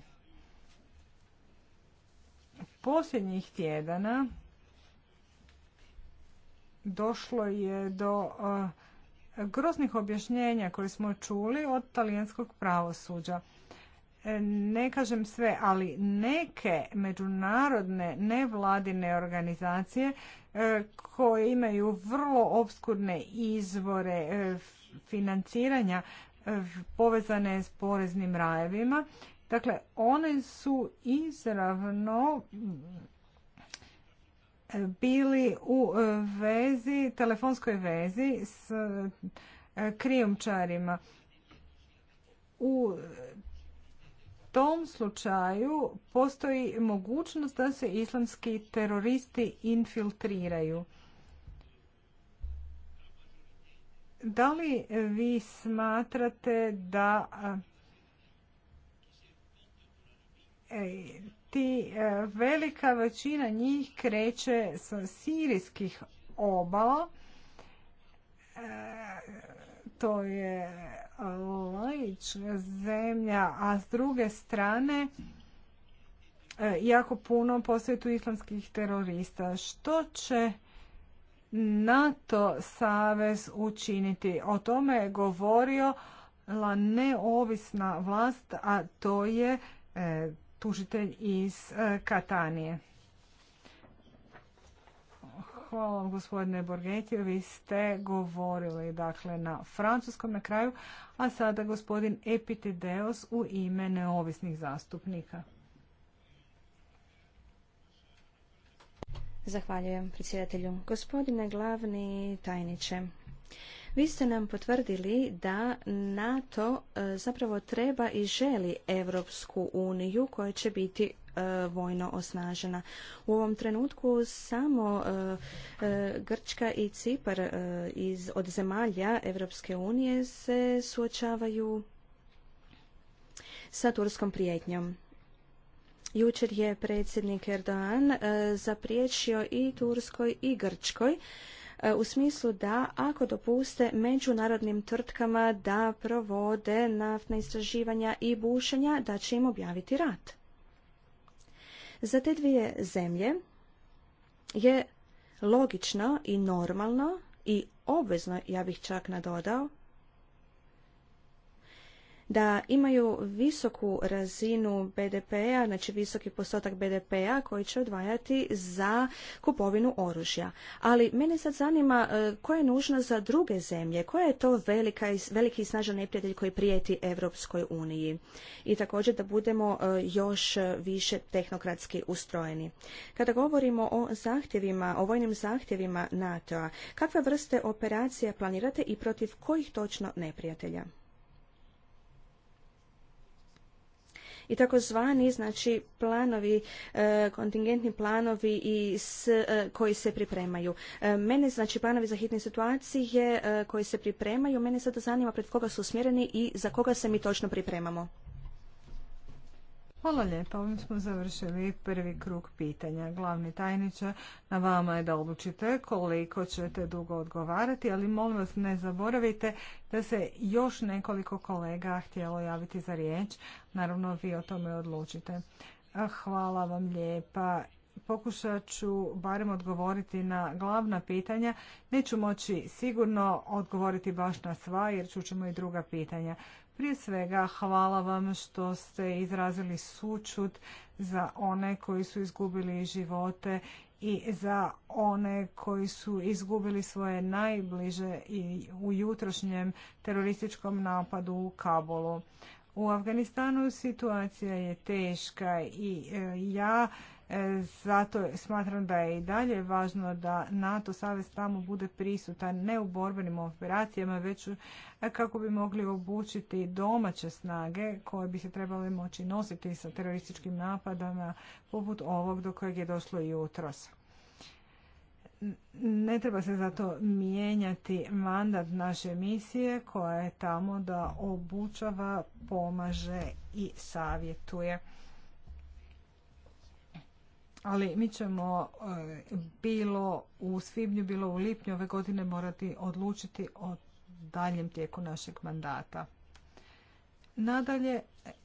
Posljednjih tjedana došlo je do e, groznih objašnjenja koje smo čuli od talijanskog pravosuđa ne kažem sve, ali neke međunarodne nevladine organizacije e, koje imaju vrlo obskurne izvore e, financiranja e, povezane s poreznim rajevima. Dakle, one su izravno bili u vezi, telefonskoj vezi s krijumčarima. U tom slučaju postoji mogućnost da se islamski teroristi infiltriraju. Da li vi smatrate da e, ti e, velika većina njih kreće sa sirijskih obala? E, to je laična zemlja, a s druge strane e, jako puno posvetu islamskih terorista. Što će NATO savez učiniti? O tome je govorio la neovisna vlast, a to je e, tužitelj iz e, Katanije. Hvala vam gospodine Borgetio, vi ste govorili dakle na francuskom na kraju, a sada gospodin Epitideos u ime neovisnih zastupnika. Zahvaljujem predsjedatelju. Gospodine glavni tajniče, vi ste nam potvrdili da NATO e, zapravo treba i želi Europsku uniju koja će biti e, vojno osnažena. U ovom trenutku samo e, Grčka i Cipar iz, od zemalja Europske unije se suočavaju sa turskom prijetnjom. Jučer je predsjednik Erdogan zapriječio i Turskoj i Grčkoj E, u smislu da ako dopuste međunarodnim tvrtkama da provode naftna istraživanja i bušenja, da će im objaviti rat. Za te dvije zemlje je logično i normalno i obvezno, ja bih čak nadodao, da imaju visoku razinu BDP-a, znači visoki postotak BDP-a koji će odvajati za kupovinu oružja. Ali mene sad zanima e, koja je nužna za druge zemlje, koja je to velika, veliki i snažan neprijatelj koji prijeti Europskoj uniji i također da budemo e, još više tehnokratski ustrojeni. Kada govorimo o zahtjevima, o vojnim zahtjevima NATO-a, kakve vrste operacija planirate i protiv kojih točno neprijatelja? i takozvani znači planovi e, kontingentni planovi i s, e, koji se pripremaju e, mene znači planovi za hitne situacije koji se pripremaju mene sada zanima pred koga su usmjereni i za koga se mi točno pripremamo Hvala lijepa. Ovim smo završili prvi krug pitanja. Glavni tajniče, na vama je da odlučite koliko ćete dugo odgovarati, ali molim vas ne zaboravite da se još nekoliko kolega htjelo javiti za riječ. Naravno, vi o tome odlučite. Hvala vam lijepa. Pokušat ću barem odgovoriti na glavna pitanja. Neću moći sigurno odgovoriti baš na sva jer ćemo i druga pitanja. Prije svega hvala vam što ste izrazili sučut za one koji su izgubili živote i za one koji su izgubili svoje najbliže i u jutrošnjem terorističkom napadu u Kabulu. U Afganistanu situacija je teška i e, ja E, zato smatram da je i dalje važno da NATO savez tamo bude prisutan ne u borbenim operacijama, već kako bi mogli obučiti domaće snage koje bi se trebale moći nositi sa terorističkim napadama poput ovog do kojeg je došlo jutros. Ne treba se zato mijenjati mandat naše misije koja je tamo da obučava, pomaže i savjetuje ali mi ćemo e, bilo u svibnju, bilo u lipnju ove godine morati odlučiti o daljem tijeku našeg mandata. Nadalje,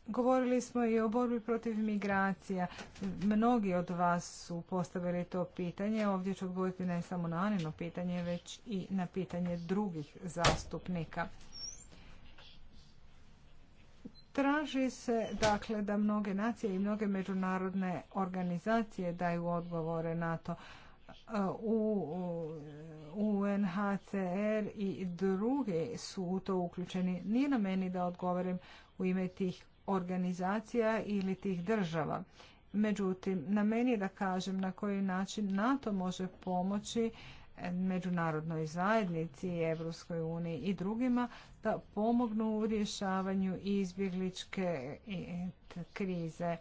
govorili smo i o borbi protiv migracija. Mnogi od vas su postavili to pitanje. Ovdje ću odgovoriti ne samo na Anino pitanje, već i na pitanje drugih zastupnika. Traži se dakle da mnoge nacije i mnoge međunarodne organizacije daju odgovore na to. U UNHCR i druge su u to uključeni. Nije na meni da odgovorim u ime tih organizacija ili tih država. Međutim, na meni je da kažem na koji način NATO može pomoći međunarodnoj zajednici, Evropskoj uniji i drugima da pomognu u rješavanju izbjegličke krize.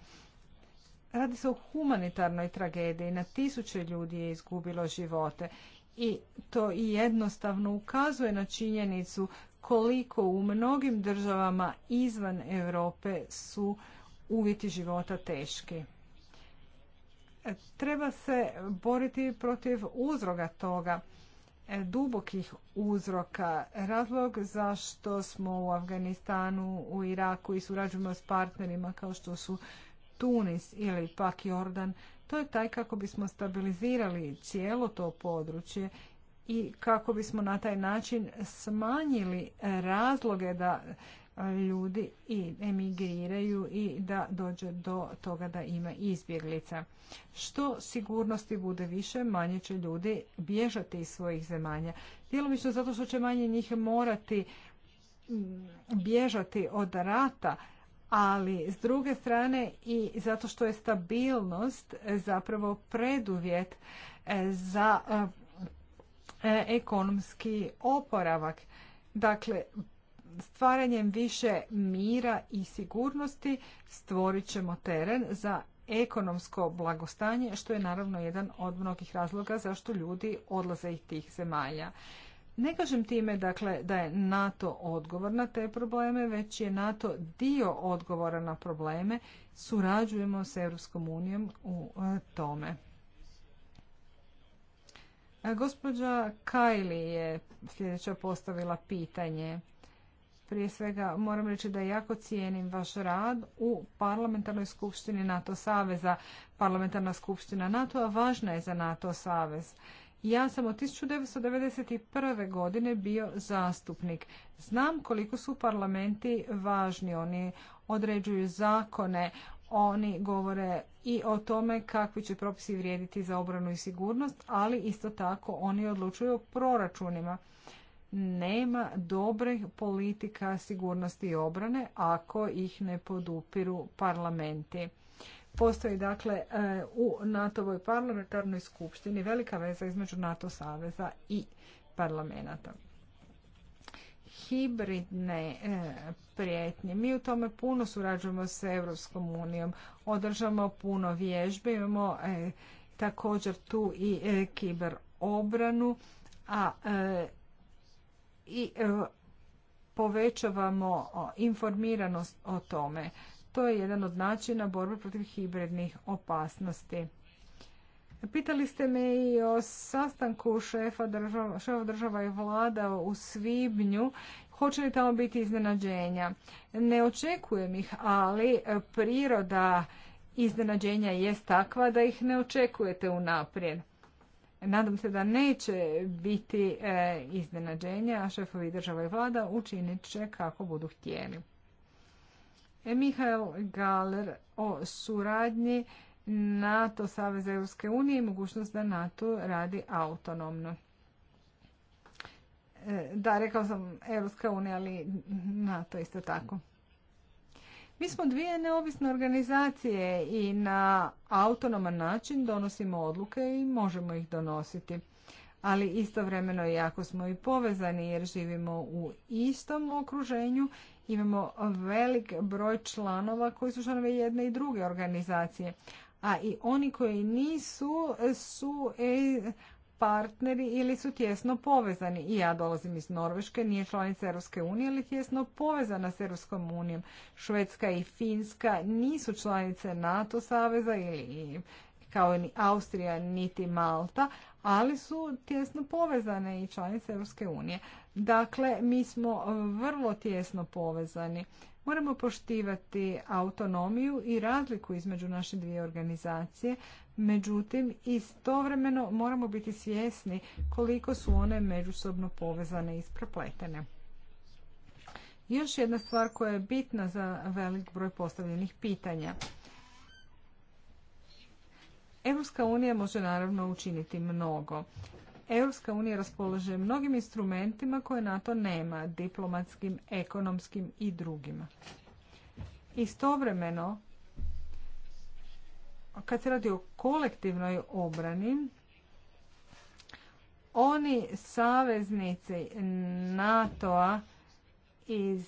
Radi se o humanitarnoj tragediji. Na tisuće ljudi je izgubilo živote. I to i jednostavno ukazuje na činjenicu koliko u mnogim državama izvan Europe su uvjeti života teški. Treba se boriti protiv uzroga toga dubokih uzroka. Razlog zašto smo u Afganistanu, u Iraku i surađujemo s partnerima kao što su Tunis ili pak Jordan, to je taj kako bismo stabilizirali cijelo to područje i kako bismo na taj način smanjili razloge da ljudi i emigriraju i da dođe do toga da ima izbjeglica. Što sigurnosti bude više, manje će ljudi bježati iz svojih zemalja. Djelomično zato što će manje njih morati mm, bježati od rata, ali s druge strane i zato što je stabilnost zapravo preduvjet e, za e, e, ekonomski oporavak. Dakle, stvaranjem više mira i sigurnosti stvorit ćemo teren za ekonomsko blagostanje, što je naravno jedan od mnogih razloga zašto ljudi odlaze iz tih zemalja. Ne kažem time dakle, da je NATO odgovor na te probleme, već je NATO dio odgovora na probleme. Surađujemo s Europskom unijom u e, tome. E, gospođa Kajli je sljedeća postavila pitanje. Prije svega moram reći da jako cijenim vaš rad u Parlamentarnoj skupštini NATO Saveza. Parlamentarna skupština NATO-a važna je za NATO Savez. Ja sam od 1991. godine bio zastupnik. Znam koliko su parlamenti važni. Oni određuju zakone, oni govore i o tome kakvi će propisi vrijediti za obranu i sigurnost, ali isto tako oni odlučuju o proračunima nema dobrih politika sigurnosti i obrane ako ih ne podupiru parlamenti. Postoji dakle e, u NATO-voj parlamentarnoj skupštini velika veza između NATO saveza i parlamenta. Hibridne e, prijetnje. Mi u tome puno surađujemo s Europskom unijom, održamo puno vježbe, imamo e, također tu i kiber obranu, a i e, povećavamo informiranost o tome. To je jedan od načina borbe protiv hibridnih opasnosti. Pitali ste me i o sastanku šefa država, šefa država i vlada u Svibnju. Hoće li tamo biti iznenađenja? Ne očekujem ih, ali e, priroda iznenađenja je takva da ih ne očekujete unaprijed. Nadam se da neće biti e, iznenađenja, a šefovi država i vlada učinit će kako budu htjeli. E, Mihael Galer o suradnji NATO Saveza Europske unije i mogućnost da NATO radi autonomno. E, da, rekao sam Europska unija, ali NATO isto tako. Mi smo dvije neovisne organizacije i na autonoman način donosimo odluke i možemo ih donositi. Ali istovremeno ako smo i povezani jer živimo u istom okruženju, imamo velik broj članova koji su članovi jedne i druge organizacije. A i oni koji nisu su e, partneri ili su tjesno povezani. I ja dolazim iz Norveške, nije članica Europske unije, ali tjesno povezana s Europskom unijom. Švedska i Finska nisu članice NATO saveza ili kao ni Austrija, niti Malta, ali su tjesno povezane i članice Europske unije. Dakle, mi smo vrlo tjesno povezani. Moramo poštivati autonomiju i razliku između naše dvije organizacije, međutim istovremeno moramo biti svjesni koliko su one međusobno povezane i isprepletene. Još jedna stvar koja je bitna za velik broj postavljenih pitanja. Europska unija može naravno učiniti mnogo, Europska unija raspolaže mnogim instrumentima koje NATO nema, diplomatskim, ekonomskim i drugima. Istovremeno, kad se radi o kolektivnoj obrani, oni saveznici NATO-a iz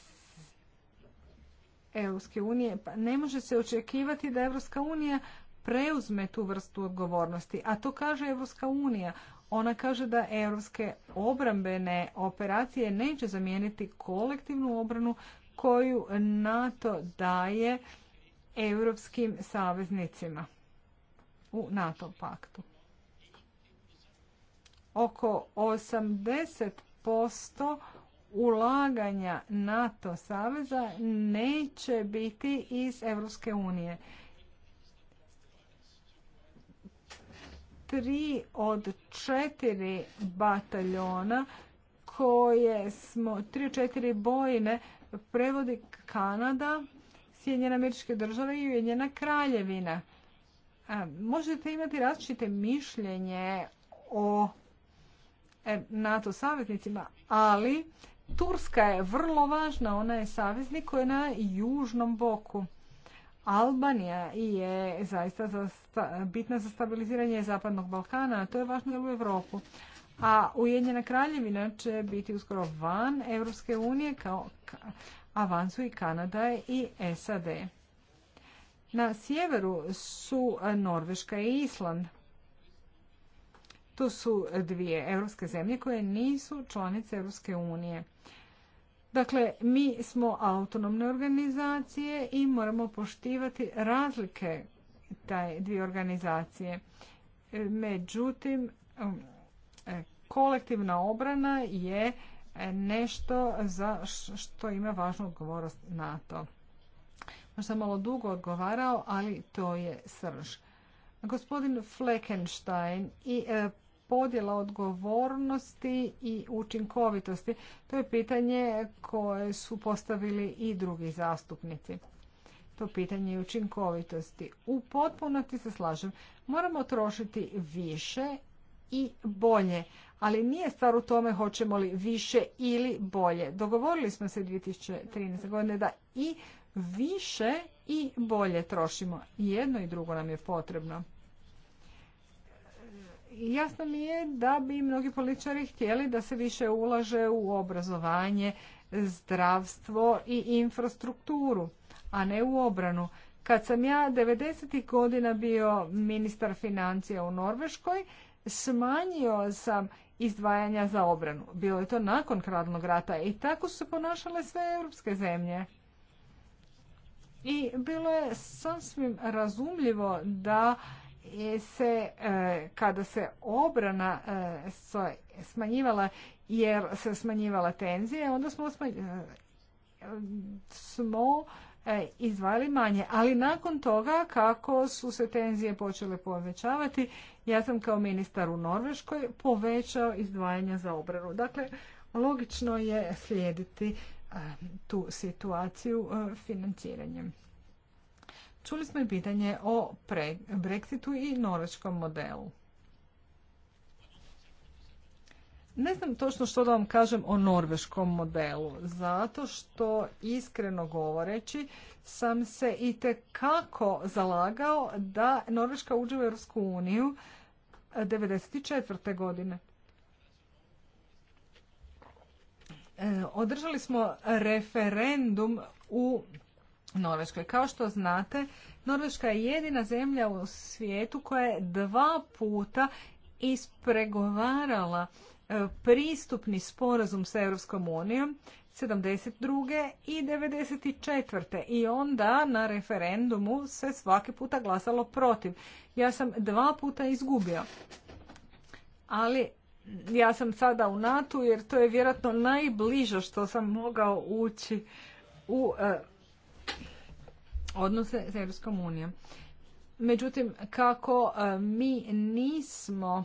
Europske unije, pa ne može se očekivati da Europska unija preuzme tu vrstu odgovornosti, a to kaže Europska unija. Ona kaže da europske obrambene operacije neće zamijeniti kolektivnu obranu koju NATO daje europskim saveznicima u NATO paktu. Oko 80% ulaganja NATO saveza neće biti iz Europske unije. tri od četiri bataljona koje smo, tri od četiri bojne prevodi Kanada, Sjedinjene američke države i Ujedinjena kraljevina. Možete imati različite mišljenje o e, NATO saveznicima, ali Turska je vrlo važna, ona je saveznik koji je na južnom boku. Albanija je zaista bitna za stabiliziranje Zapadnog Balkana, a to je važno u Europu. A Ujedinjena kraljevina će biti uskoro van Europske unije, kao, avansu i Kanada i SAD. Na sjeveru su Norveška i Island. To su dvije europske zemlje koje nisu članice Europske unije. Dakle, mi smo autonomne organizacije i moramo poštivati razlike taj dvije organizacije. Međutim, um, e, kolektivna obrana je e, nešto za što ima važnu odgovornost NATO. Možda sam malo dugo odgovarao, ali to je srž. Gospodin Fleckenstein i e, podjela odgovornosti i učinkovitosti. To je pitanje koje su postavili i drugi zastupnici. To pitanje učinkovitosti. U potpunosti se slažem. Moramo trošiti više i bolje. Ali nije stvar u tome hoćemo li više ili bolje. Dogovorili smo se 2013. godine da i više i bolje trošimo. jedno i drugo nam je potrebno jasno mi je da bi mnogi političari htjeli da se više ulaže u obrazovanje, zdravstvo i infrastrukturu, a ne u obranu. Kad sam ja 90. godina bio ministar financija u Norveškoj, smanjio sam izdvajanja za obranu. Bilo je to nakon kradnog rata i tako su se ponašale sve europske zemlje. I bilo je sasvim razumljivo da E, se e, kada se obrana e, smanjivala jer se smanjivala tenzija, onda smo, smo izdvajali manje. Ali nakon toga kako su se tenzije počele povećavati, ja sam kao ministar u Norveškoj povećao izdvajanja za obranu. Dakle, logično je slijediti tu situaciju financiranjem. Čuli smo i pitanje o pre Brexitu i norveškom modelu. Ne znam točno što da vam kažem o norveškom modelu, zato što iskreno govoreći sam se i kako zalagao da Norveška uđe u Europsku uniju 1994. godine. E, održali smo referendum u Norveškoj. Kao što znate, Norveška je jedina zemlja u svijetu koja je dva puta ispregovarala e, pristupni sporazum sa Europskom unijom 72. i 94. I onda na referendumu se svaki puta glasalo protiv. Ja sam dva puta izgubio. Ali ja sam sada u NATO jer to je vjerojatno najbliže što sam mogao ući u e, odnose s Europskom unijom. Međutim, kako e, mi nismo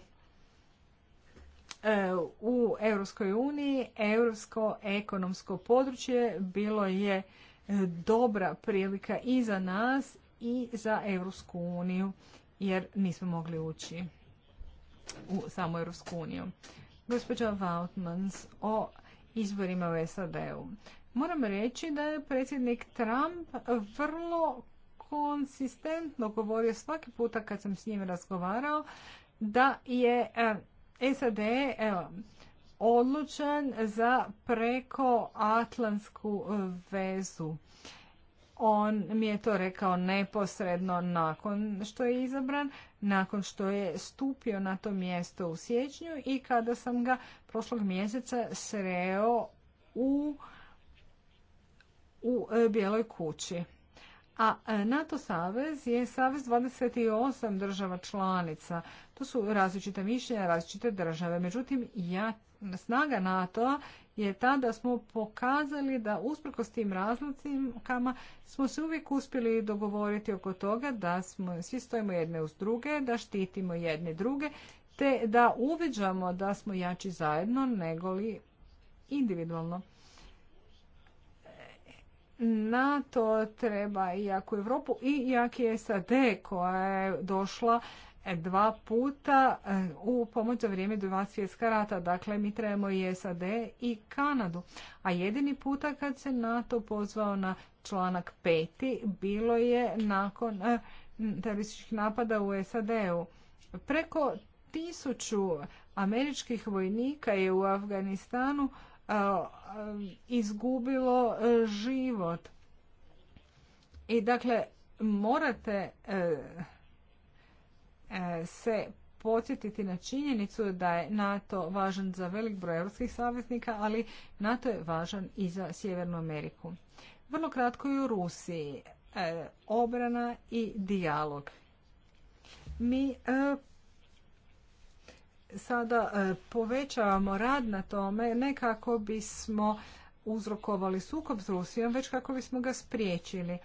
e, u Europskoj uniji, europsko ekonomsko područje bilo je e, dobra prilika i za nas i za Europsku uniju, jer nismo mogli ući u samu Europsku uniju. Gospođa Vautmans o izborima u SAD-u. Moram reći da je predsjednik Trump vrlo konsistentno govorio svaki puta kad sam s njim razgovarao da je eh, SAD eh, odlučan za preko atlantsku vezu. On mi je to rekao neposredno nakon što je izabran, nakon što je stupio na to mjesto u siječnju i kada sam ga prošlog mjeseca sreo u u e, Bijeloj kući. A e, NATO savez je savez 28 država članica. To su različite mišljenja, različite države. Međutim, snaga nato je ta da smo pokazali da usprkos tim razlikama smo se uvijek uspjeli dogovoriti oko toga da smo, svi stojimo jedne uz druge, da štitimo jedne druge, te da uviđamo da smo jači zajedno nego li individualno. NATO treba i jaku Europu i je SAD koja je došla e, dva puta e, u pomoć za vrijeme dva svjetska rata. Dakle, mi trebamo i SAD i Kanadu. A jedini puta kad se NATO pozvao na članak peti bilo je nakon e, terorističkih napada u SAD-u. Preko tisuću američkih vojnika je u Afganistanu izgubilo e, život. I dakle, morate e, e, se podsjetiti na činjenicu da je NATO važan za velik broj europskih saveznika, ali NATO je važan i za Sjevernu Ameriku. Vrlo kratko i u Rusiji. obrana i dijalog. Mi sada e, povećavamo rad na tome ne kako bismo uzrokovali sukob s Rusijom, već kako bismo ga spriječili.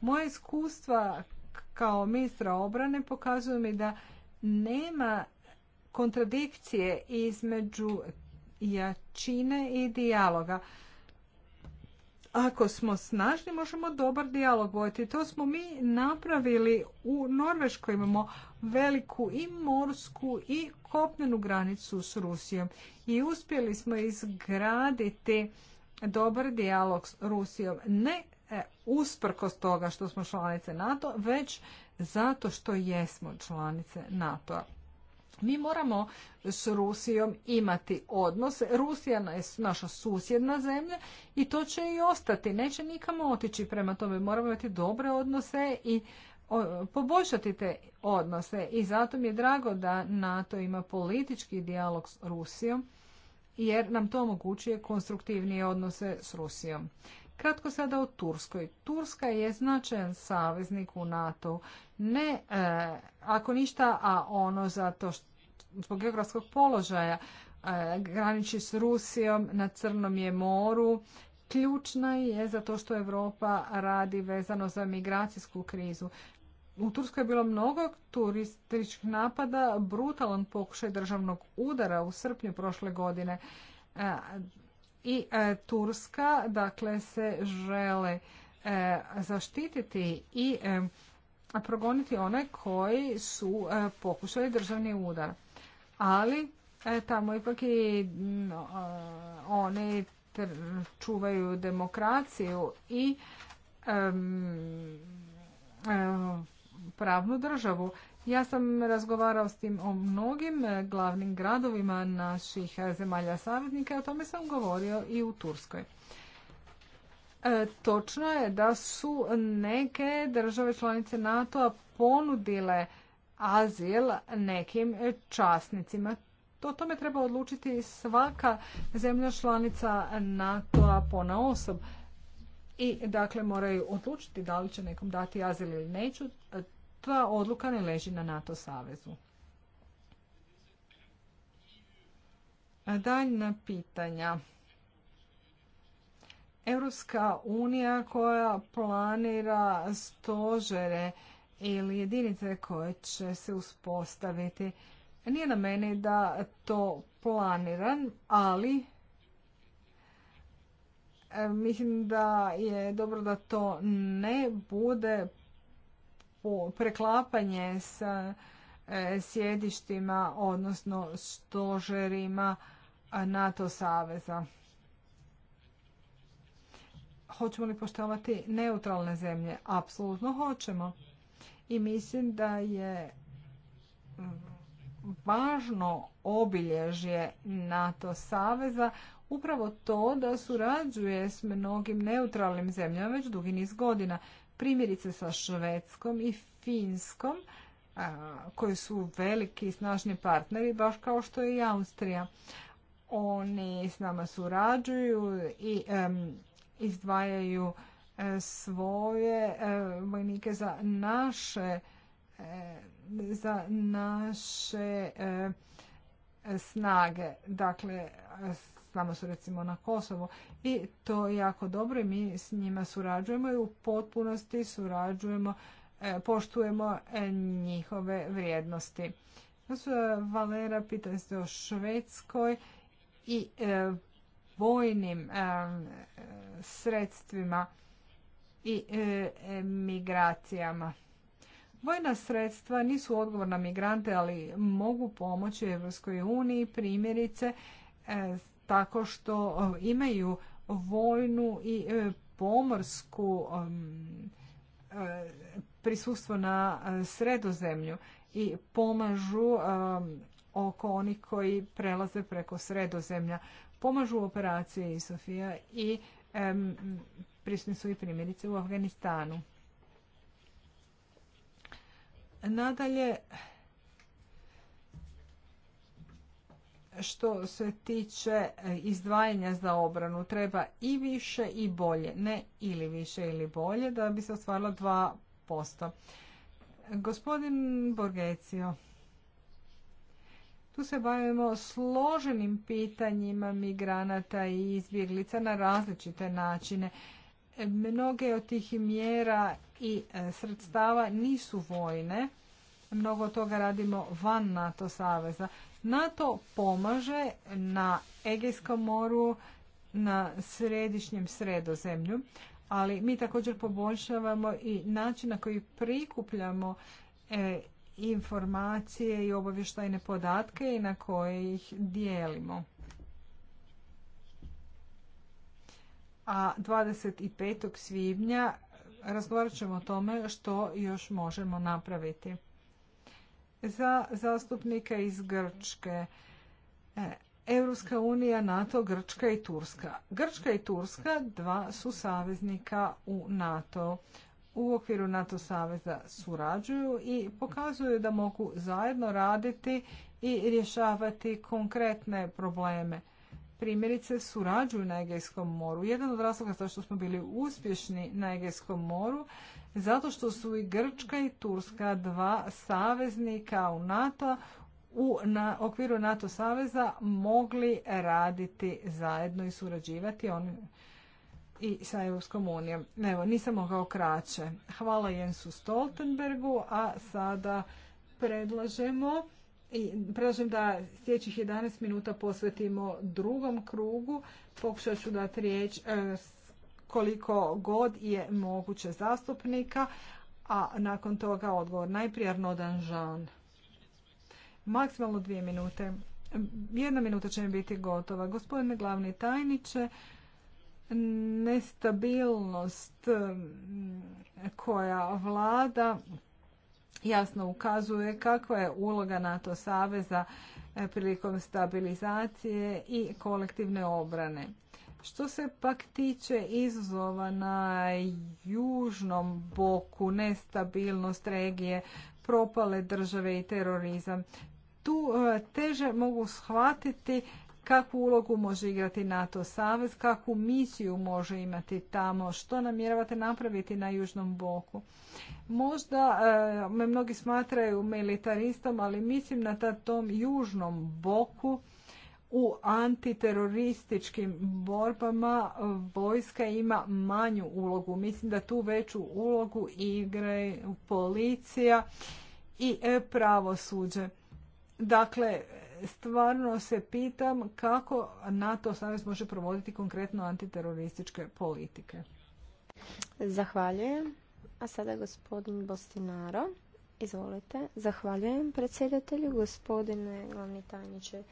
Moje iskustva kao ministra obrane pokazuju mi da nema kontradikcije između jačine i dijaloga. Ako smo snažni, možemo dobar dijalog voditi. To smo mi napravili u Norveškoj. Imamo veliku i morsku i kopnenu granicu s Rusijom i uspjeli smo izgraditi dobar dijalog s Rusijom. Ne e, usprkos toga što smo članice NATO, već zato što jesmo članice NATO-a. Mi moramo s Rusijom imati odnose. Rusija je naša susjedna zemlja i to će i ostati. Neće nikamo otići prema tome. Moramo imati dobre odnose i poboljšati te odnose i zato mi je drago da NATO ima politički dijalog s Rusijom jer nam to omogućuje konstruktivnije odnose s Rusijom. Kratko sada o Turskoj. Turska je značajan saveznik u NATO. Ne, e, ako ništa, a ono zato što zbog geografskog položaja e, graniči s Rusijom, na Crnom je moru. Ključna je zato što Europa radi vezano za migracijsku krizu u Turskoj je bilo mnogo turističkih napada, brutalan pokušaj državnog udara u srpnju prošle godine. E, I e, Turska, dakle, se žele e, zaštititi i progoniti one koji su pokušali državni udar. Ali tamo ipak i oni čuvaju demokraciju i pravnu državu. Ja sam razgovarao s tim o mnogim e, glavnim gradovima naših e, zemalja saveznika, o tome sam govorio i u Turskoj. E, točno je da su neke države članice NATO-a ponudile azil nekim časnicima. O tome treba odlučiti svaka zemlja članica NATO-a pona osob i dakle moraju odlučiti da li će nekom dati azil ili neću. Ta odluka ne leži na NATO savezu. Daljna pitanja. Europska unija koja planira stožere ili jedinice koje će se uspostaviti. Nije na meni da to planiram, ali E, mislim da je dobro da to ne bude preklapanje sa e, sjedištima, odnosno stožerima NATO saveza. Hoćemo li poštovati neutralne zemlje? Apsolutno hoćemo. I mislim da je važno obilježje NATO saveza upravo to da surađuje s mnogim neutralnim zemljama već dugi niz godina. Primjerice sa Švedskom i Finskom, koji su veliki i snažni partneri, baš kao što je i Austrija. Oni s nama surađuju i izdvajaju e, svoje e, vojnike za naše e, za naše snage. Dakle, s nama su recimo na Kosovo i to je jako dobro i mi s njima surađujemo i u potpunosti surađujemo, e, poštujemo e, njihove vrijednosti. E, Valera pita se o Švedskoj i vojnim sredstvima i migracijama. Vojna sredstva nisu odgovor na migrante, ali mogu pomoći Evropskoj uniji primjerice tako što e, imaju vojnu i e, pomorsku e, prisustvo na sredozemlju i pomažu oko onih koji prelaze preko sredozemlja. Pomažu u operaciji i Sofija i prisni su i primjerice u Afganistanu. Nadalje, što se tiče e, izdvajanja za obranu treba i više i bolje, ne ili više ili bolje, da bi se ostvarilo 2%. Gospodin Borgecio, tu se bavimo složenim pitanjima migranata i izbjeglica na različite načine. Mnoge od tih mjera i e, sredstava nisu vojne. Mnogo toga radimo van NATO saveza. NATO pomaže na Egejskom moru, na središnjem sredozemlju, ali mi također poboljšavamo i način na koji prikupljamo e, informacije i obavještajne podatke i na koje ih dijelimo. A 25. svibnja razgovarat ćemo o tome što još možemo napraviti za zastupnike iz Grčke. Europska unija, NATO, Grčka i Turska. Grčka i Turska dva su saveznika u NATO. U okviru NATO saveza surađuju i pokazuju da mogu zajedno raditi i rješavati konkretne probleme. Primjerice surađuju na Egejskom moru. Jedan od razloga zašto smo bili uspješni na Egejskom moru zato što su i Grčka i Turska dva saveznika u NATO u na okviru NATO saveza mogli raditi zajedno i surađivati on i sa Europskom unijom. Evo, nisam mogao kraće. Hvala Jensu Stoltenbergu, a sada predlažemo i predlažem da sljedećih 11 minuta posvetimo drugom krugu. Pokušat ću dati riječ e, koliko god je moguće zastupnika, a nakon toga odgovor najprije Arnodan Žan. Maksimalno dvije minute. Jedna minuta će mi biti gotova. Gospodine glavni tajniče, nestabilnost koja vlada jasno ukazuje kakva je uloga NATO saveza e, prilikom stabilizacije i kolektivne obrane. Što se pak tiče izazova na južnom boku, nestabilnost regije, propale države i terorizam, tu e, teže mogu shvatiti kakvu ulogu može igrati NATO savez, kakvu misiju može imati tamo, što namjeravate napraviti na Južnom boku. Možda e, me mnogi smatraju militaristom, ali mislim na tom Južnom boku u antiterorističkim borbama vojska ima manju ulogu. Mislim da tu veću ulogu igre policija i e, pravosuđe. Dakle, stvarno se pitam kako NATO savez može provoditi konkretno antiterorističke politike. Zahvaljujem. A sada gospodin Bostinaro. Izvolite. Zahvaljujem predsjedatelju, gospodine glavni tajniče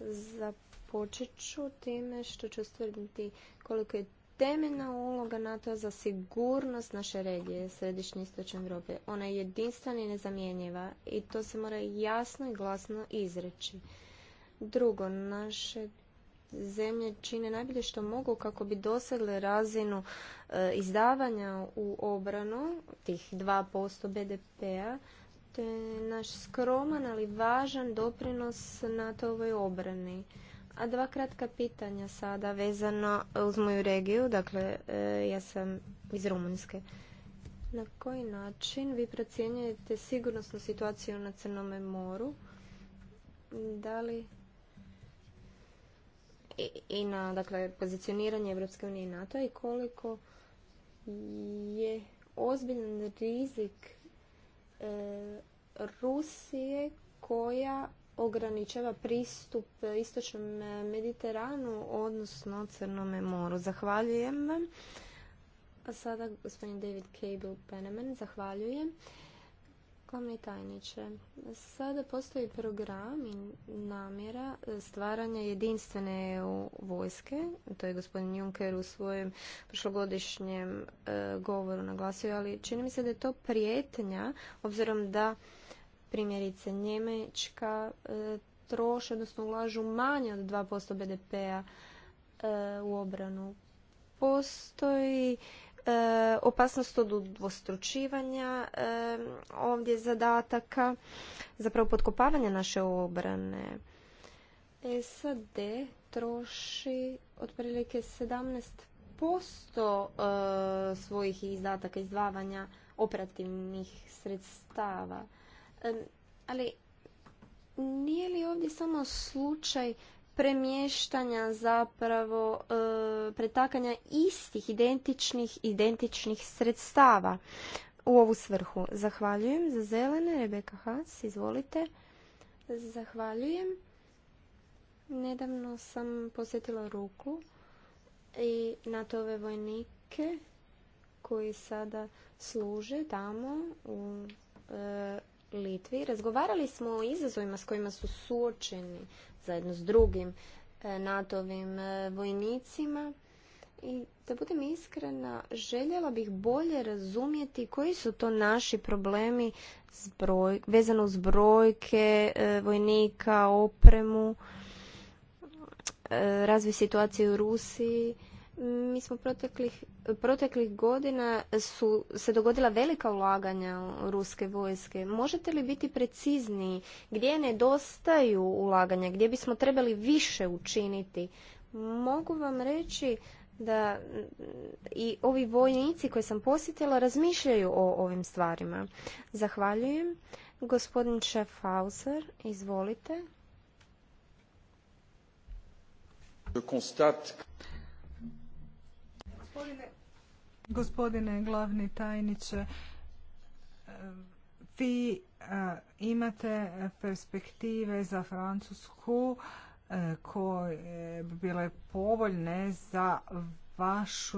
Započet ću time što ću stvrditi koliko je temeljna uloga NATO za sigurnost naše regije središnje istočne Europe. Ona je jedinstvena i nezamjenjiva i to se mora jasno i glasno izreći. Drugo, naše zemlje čine najbolje što mogu kako bi dosegle razinu e, izdavanja u obranu tih 2% BDP-a naš skroman, ali važan doprinos NATO-ovoj obrani. A dva kratka pitanja sada vezano uz moju regiju, dakle e, ja sam iz Rumunjske. Na koji način vi procjenjujete sigurnosnu situaciju na Crnome moru? Da li i, na dakle, pozicioniranje Europske unije i NATO i koliko je ozbiljan rizik E, Rusije koja ograničava pristup istočnom Mediteranu, odnosno Crnome moru. Zahvaljujem. A sada gospodin David Cable Peneman, zahvaljujem glavni tajniče, sada postoji program i namjera stvaranja jedinstvene EU vojske. To je gospodin Juncker u svojem prošlogodišnjem e, govoru naglasio, ali čini mi se da je to prijetnja, obzirom da primjerice Njemečka e, troše, odnosno ulažu manje od 2% BDP-a e, u obranu. Postoji E, opasnost od udvostručivanja e, ovdje zadataka, zapravo podkopavanja naše obrane. SAD troši otprilike 17% e, svojih izdataka izdavanja operativnih sredstava. Ali nije li ovdje samo slučaj premještanja zapravo e, pretakanja istih identičnih identičnih sredstava u ovu svrhu. Zahvaljujem za zelene. Rebeka Haas, izvolite. Zahvaljujem. Nedavno sam posjetila ruku i NATO-ove vojnike koji sada služe tamo u e, Litvi. Razgovarali smo o izazovima s kojima su suočeni zajedno s drugim e, NATO-ovim e, vojnicima. I da budem iskrena, željela bih bolje razumjeti koji su to naši problemi vezano uz brojke e, vojnika, opremu, razvoj situacije u Rusiji mi smo proteklih, proteklih godina su se dogodila velika ulaganja ruske vojske. Možete li biti precizniji gdje nedostaju ulaganja, gdje bismo trebali više učiniti? Mogu vam reći da i ovi vojnici koje sam posjetila razmišljaju o ovim stvarima. Zahvaljujem. Gospodin Hauser, izvolite. Gospodine, glavni tajniče, eh, vi eh, imate perspektive za Francusku eh, koje bi bile povoljne za vaš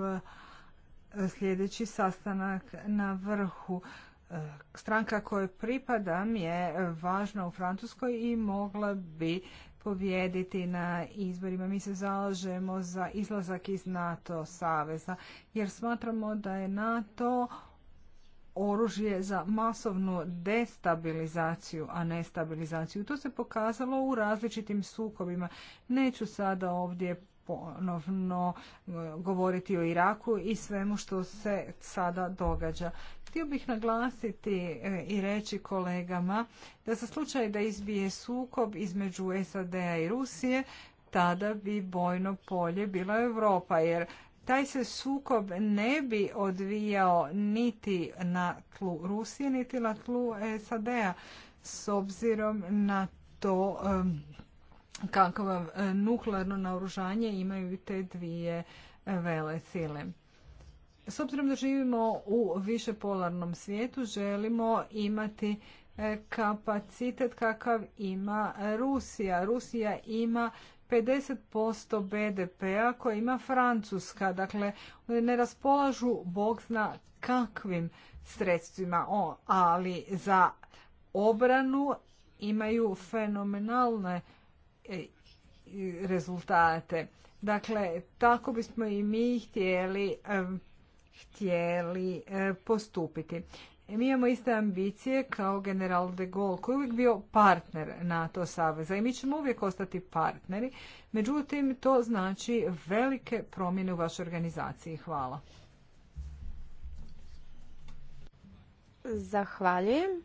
sljedeći sastanak na vrhu. Stranka kojoj pripadam je važna u Francuskoj i mogla bi pobijediti na izborima. Mi se zalažemo za izlazak iz NATO saveza jer smatramo da je NATO oružje za masovnu destabilizaciju, a ne stabilizaciju. To se pokazalo u različitim sukobima. Neću sada ovdje ponovno e, govoriti o Iraku i svemu što se sada događa. Htio bih naglasiti e, i reći kolegama da za slučaj da izbije sukob između SAD-a i Rusije, tada bi bojno polje bila Europa, jer taj se sukob ne bi odvijao niti na tlu Rusije, niti na tlu SAD-a, s obzirom na to e, kakvo e, nuklearno naoružanje imaju te dvije vele sile. S obzirom da živimo u više polarnom svijetu, želimo imati e, kapacitet kakav ima Rusija. Rusija ima 50% BDP-a koje ima Francuska. Dakle, ne raspolažu bog zna kakvim sredstvima, o, ali za obranu imaju fenomenalne e, rezultate. Dakle, tako bismo i mi htjeli htjeli e, postupiti. Mi imamo iste ambicije kao general de Gaulle koji je uvijek bio partner NATO saveza i mi ćemo uvijek ostati partneri. Međutim, to znači velike promjene u vašoj organizaciji. Hvala. Zahvaljujem.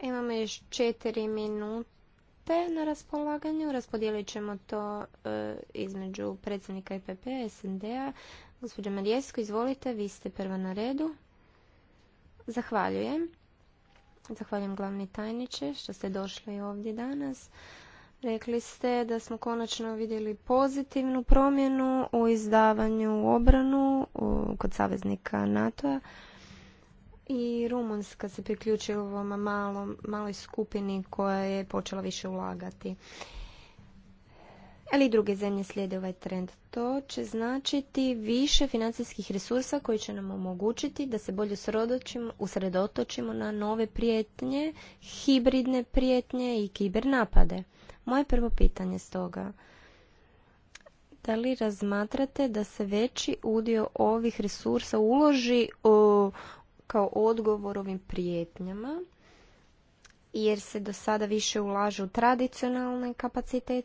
Imamo još četiri minute na raspolaganju. Raspodijelit ćemo to e, između predsjednika IPP, e SND-a, Gospođa Marijesko, izvolite, vi ste prva na redu. Zahvaljujem. Zahvaljujem glavni tajniče što ste došli ovdje danas. Rekli ste da smo konačno vidjeli pozitivnu promjenu u izdavanju obranu kod saveznika NATO-a i Rumunska se priključila ovom maloj skupini koja je počela više ulagati ali i druge zemlje slijede ovaj trend. To će značiti više financijskih resursa koji će nam omogućiti da se bolje usredotočimo na nove prijetnje, hibridne prijetnje i kibernapade. Moje prvo pitanje stoga. Da li razmatrate da se veći udio ovih resursa uloži kao odgovor ovim prijetnjama? jer se do sada više ulaže u tradicionalne kapacitete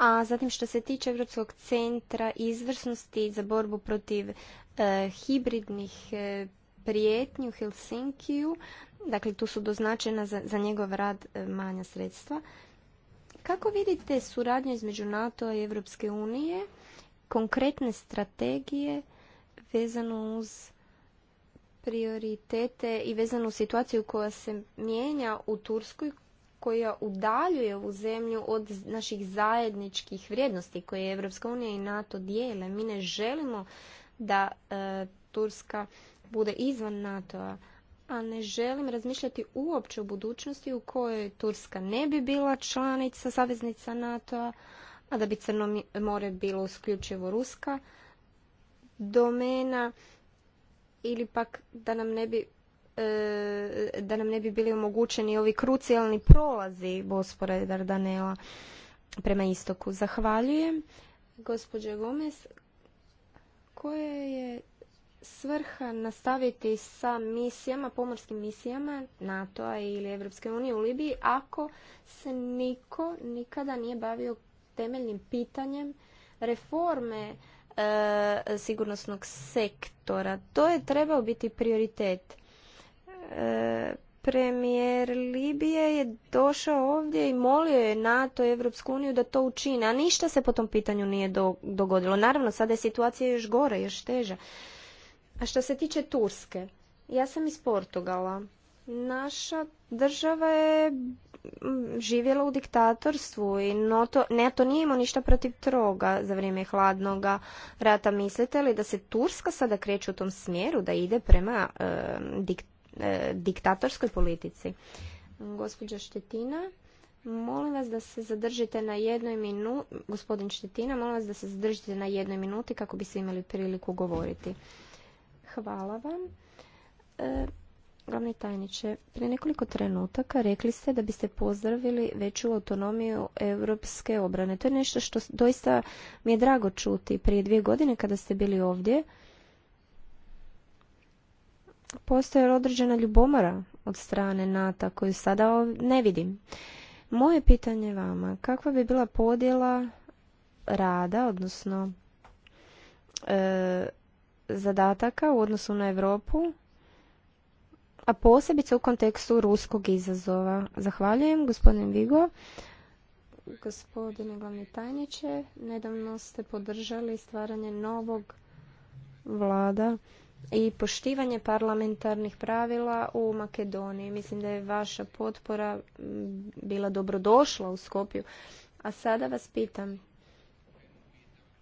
a zatim što se tiče Europskog centra izvrsnosti za borbu protiv e, hibridnih e, prijetnji u Helsinkiju, dakle tu su doznačena za, njegov rad e, manja sredstva. Kako vidite suradnju između NATO i Europske unije, konkretne strategije vezano uz prioritete i vezano u situaciju koja se mijenja u Turskoj koja udaljuje ovu zemlju od naših zajedničkih vrijednosti koje Evropska unija i NATO dijele. Mi ne želimo da e, Turska bude izvan NATO-a, a ne želim razmišljati uopće o budućnosti u kojoj Turska ne bi bila članica, saveznica NATO-a, a da bi Crno more bilo isključivo ruska domena ili pak da nam ne bi E, da nam ne bi bili omogućeni ovi krucijalni prolazi Bospora i Dardanela prema istoku. Zahvaljujem. gospođe Gomez, koja je svrha nastaviti sa misijama, pomorskim misijama NATO-a ili Evropske unije u Libiji ako se niko nikada nije bavio temeljnim pitanjem reforme e, sigurnosnog sektora. To je trebao biti prioritet premijer Libije je došao ovdje i molio je NATO i Evropsku uniju da to učine, a ništa se po tom pitanju nije dogodilo. Naravno, sada je situacija još gora, još teža. A što se tiče Turske, ja sam iz Portugala. Naša država je živjela u diktatorstvu i ne to nije imao ništa protiv troga za vrijeme hladnoga rata. Mislite li da se Turska sada kreće u tom smjeru, da ide prema e, E, diktatorskoj politici. Gospođa Štetina, molim vas da se zadržite na jednoj minuti, gospodin Štetina, molim vas da se zadržite na jednoj minuti kako biste se imali priliku govoriti. Hvala vam. E, glavni tajniče, prije nekoliko trenutaka rekli ste da biste pozdravili veću autonomiju europske obrane. To je nešto što doista mi je drago čuti. Prije dvije godine kada ste bili ovdje, postoje određena ljubomora od strane NATO koju sada ne vidim. Moje pitanje vama, kakva bi bila podjela rada, odnosno e, zadataka u odnosu na Europu, a posebice u kontekstu ruskog izazova. Zahvaljujem, gospodin Vigo. Gospodine glavni tajniče, nedavno ste podržali stvaranje novog vlada i poštivanje parlamentarnih pravila u Makedoniji. Mislim da je vaša potpora bila dobrodošla u Skopju. A sada vas pitam,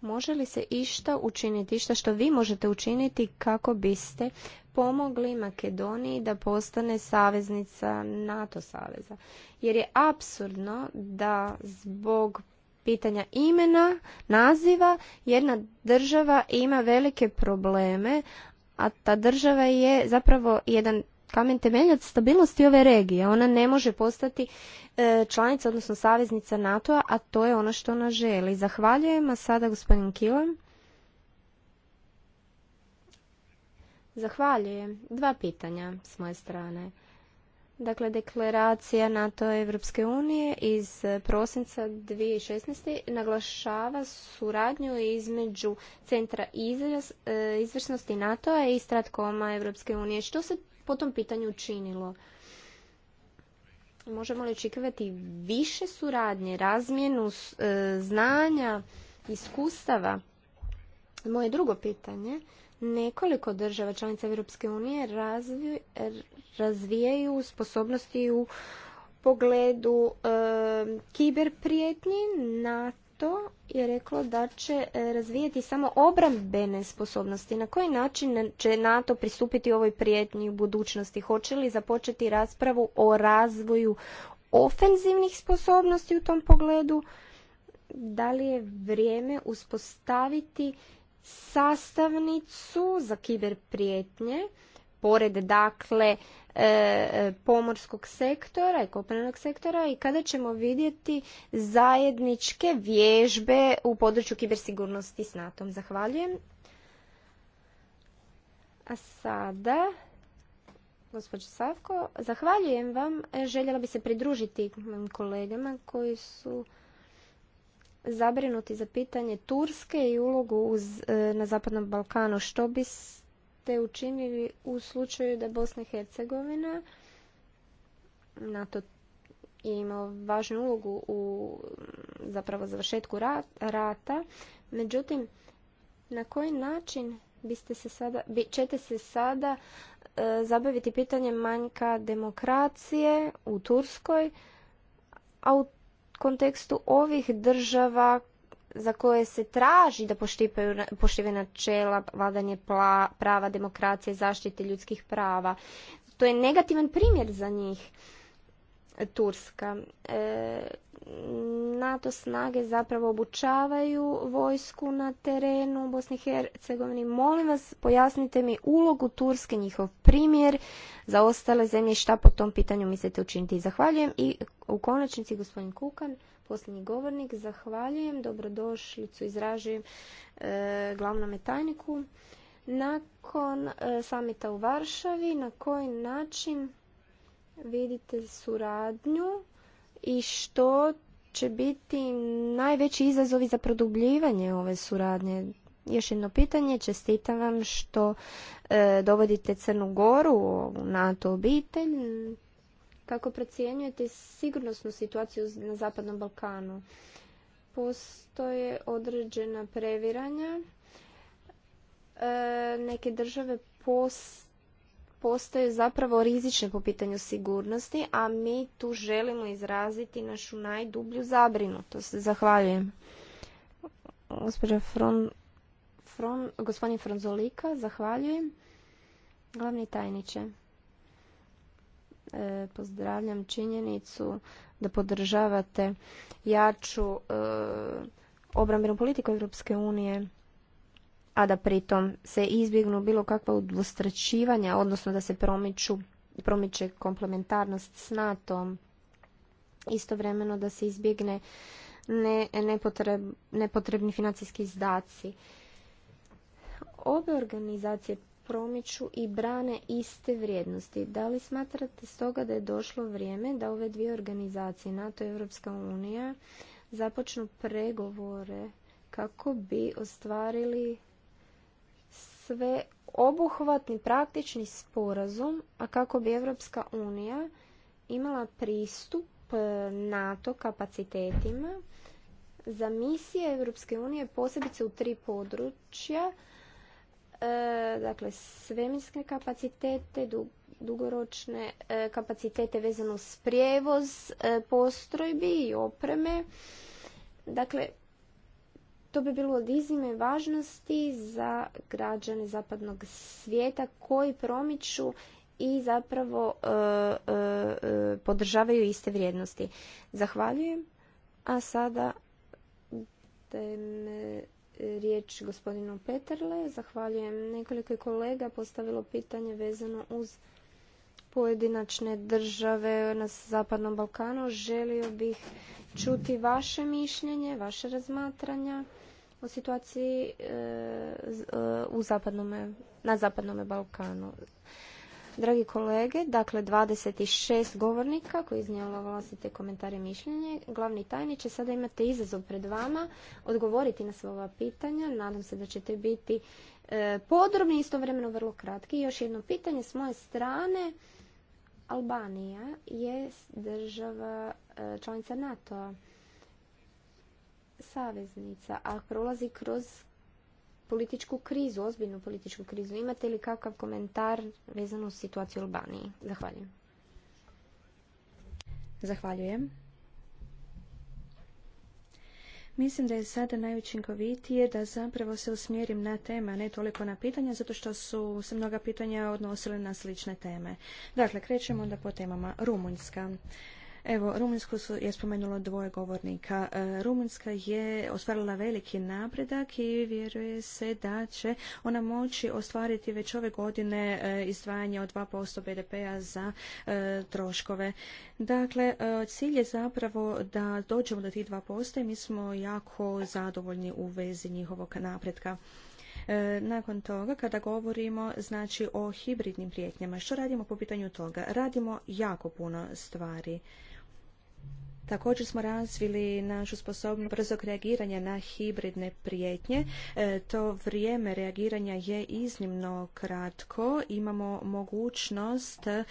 može li se išta učiniti, išta što vi možete učiniti kako biste pomogli Makedoniji da postane saveznica NATO saveza? Jer je absurdno da zbog pitanja imena, naziva, jedna država ima velike probleme, a ta država je zapravo jedan kamen temeljac stabilnosti ove regije. Ona ne može postati e, članica, odnosno saveznica NATO-a, a to je ono što ona želi. Zahvaljujem, a sada gospodin Kilom? Zahvaljujem. Dva pitanja s moje strane. Dakle, deklaracija NATO Evropske unije iz prosinca 2016. naglašava suradnju između Centra e, izvršnosti NATO-a i Stratkoma Evropske unije. Što se po tom pitanju činilo? Možemo li očekivati više suradnje, razmjenu e, znanja, iskustava? Moje drugo pitanje Nekoliko država članica Europske unije razvijaju sposobnosti u pogledu e, prijetnji. na je reklo da će e, razvijeti samo obrambene sposobnosti. Na koji način će NATO pristupiti ovoj prijetnji u budućnosti? Hoće li započeti raspravu o razvoju ofenzivnih sposobnosti u tom pogledu? Da li je vrijeme uspostaviti sastavnicu za kiber prijetnje, pored dakle e, pomorskog sektora i kopnenog sektora i kada ćemo vidjeti zajedničke vježbe u području kibersigurnosti s NATO-om. Zahvaljujem. A sada, gospođo Savko, zahvaljujem vam. Željela bi se pridružiti kolegama koji su zabrinuti za pitanje Turske i ulogu e, na Zapadnom Balkanu. Što biste učinili u slučaju da Bosna i Hercegovina NATO je imao važnu ulogu u zapravo završetku rata. Međutim, na koji način biste se sada, ćete se sada e, zabaviti pitanjem manjka demokracije u Turskoj, a u kontekstu ovih država za koje se traži da poštive načela vladanje prava, demokracije, zaštite ljudskih prava. To je negativan primjer za njih, Turska. E, NATO snage zapravo obučavaju vojsku na terenu u Bosni i Hercegovini. Molim vas, pojasnite mi ulogu Turske, njihov primjer za ostale zemlje šta po tom pitanju mislite učiniti. Zahvaljujem i u konačnici gospodin Kukan, posljednji govornik, zahvaljujem, dobrodošlicu izražujem e, glavnome tajniku. Nakon e, samita u Varšavi, na koji način vidite suradnju i što će biti najveći izazovi za produbljivanje ove suradnje? Još jedno pitanje, čestitam vam što e, dovodite Crnu Goru u NATO obitelj. Kako procjenjujete sigurnosnu situaciju na Zapadnom Balkanu? Postoje određena previranja. E, neke države post postaju zapravo rizične po pitanju sigurnosti, a mi tu želimo izraziti našu najdublju zabrinutost. Zahvaljujem. Gospođa Fron, Fron, gospodin Fronzolika, zahvaljujem. Glavni tajniče, e, pozdravljam činjenicu da podržavate jaču e, obrambenu politiku Europske unije a da pritom se izbjegnu bilo kakva udvostračivanja, odnosno da se promiču, promiče komplementarnost s nato istovremeno da se izbjegne nepotrebni financijski izdaci. Ove organizacije promiču i brane iste vrijednosti. Da li smatrate stoga da je došlo vrijeme da ove dvije organizacije, NATO i Europska unija, započnu pregovore kako bi ostvarili sve obuhvatni praktični sporazum, a kako bi Evropska unija imala pristup e, NATO kapacitetima za misije Evropske unije posebice u tri područja, e, dakle svemirske kapacitete, dugoročne e, kapacitete vezano uz prijevoz postrojbi i opreme. Dakle, to bi bilo od izime važnosti za građane zapadnog svijeta koji promiču i zapravo e, e, e, podržavaju iste vrijednosti. Zahvaljujem. A sada dajem riječ gospodinu Peterle. Zahvaljujem nekoliko je kolega postavilo pitanje vezano uz pojedinačne države na Zapadnom Balkanu. Želio bih čuti vaše mišljenje, vaše razmatranja o situaciji e, e, u zapadnome, na Zapadnom Balkanu. Dragi kolege, dakle 26 govornika koji iznijelo vlastite komentare i mišljenje. Glavni tajniče, sada imate izazov pred vama odgovoriti na sva ova pitanja. Nadam se da ćete biti e, podrobni i istovremeno vrlo kratki. I još jedno pitanje s moje strane. Albanija je država e, članica nato saveznica, a prolazi kroz političku krizu, ozbiljnu političku krizu. Imate li kakav komentar vezano u situaciju u Albaniji? Zahvaljujem. Zahvaljujem. Mislim da je sada najučinkovitije da zapravo se usmjerim na tema, ne toliko na pitanja, zato što su se mnoga pitanja odnosile na slične teme. Dakle, krećemo onda po temama. Rumunjska. Evo, Rumunjsku su, je spomenulo dvoje govornika. E, Rumunjska je ostvarila veliki napredak i vjeruje se da će ona moći ostvariti već ove godine e, izdvajanje od 2% BDP-a za e, troškove. Dakle, cilj je zapravo da dođemo do tih 2% i mi smo jako zadovoljni u vezi njihovog napretka. Nakon toga, kada govorimo znači, o hibridnim prijetnjama, što radimo po pitanju toga? Radimo jako puno stvari Također smo razvili našu sposobnost brzog reagiranja na hibridne prijetnje. E, to vrijeme reagiranja je iznimno kratko. Imamo mogućnost e,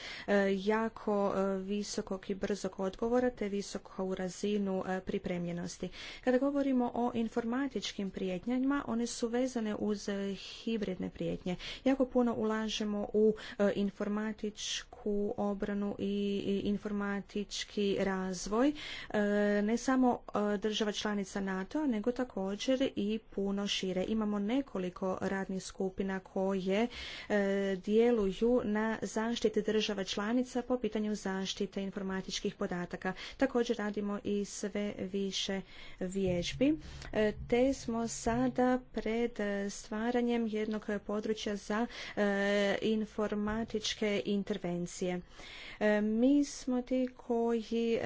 jako e, visokog i brzog odgovora te visoku razinu pripremljenosti. Kada govorimo o informatičkim prijetnjama, one su vezane uz hibridne prijetnje. Jako puno ulažemo u informatičku obranu i informatički razvoj E, ne samo e, država članica NATO, nego također i puno šire. Imamo nekoliko radnih skupina koje e, djeluju na zaštiti država članica po pitanju zaštite informatičkih podataka. Također radimo i sve više vježbi, te smo sada pred stvaranjem jednog područja za informatičke intervencije. Mi smo ti koji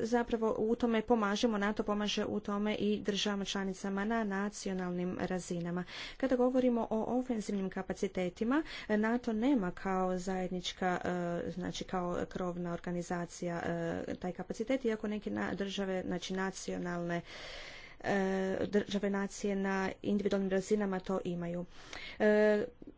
zapravo u tome pomažemo, NATO pomaže u tome i državama članicama na nacionalnim razinama. Kada govorimo o ofenzivnim kapacitetima, NATO nema kao zajednička, e, znači kao krovna organizacija e, taj kapacitet, iako neke države, znači nacionalne e, države nacije na individualnim razinama to imaju.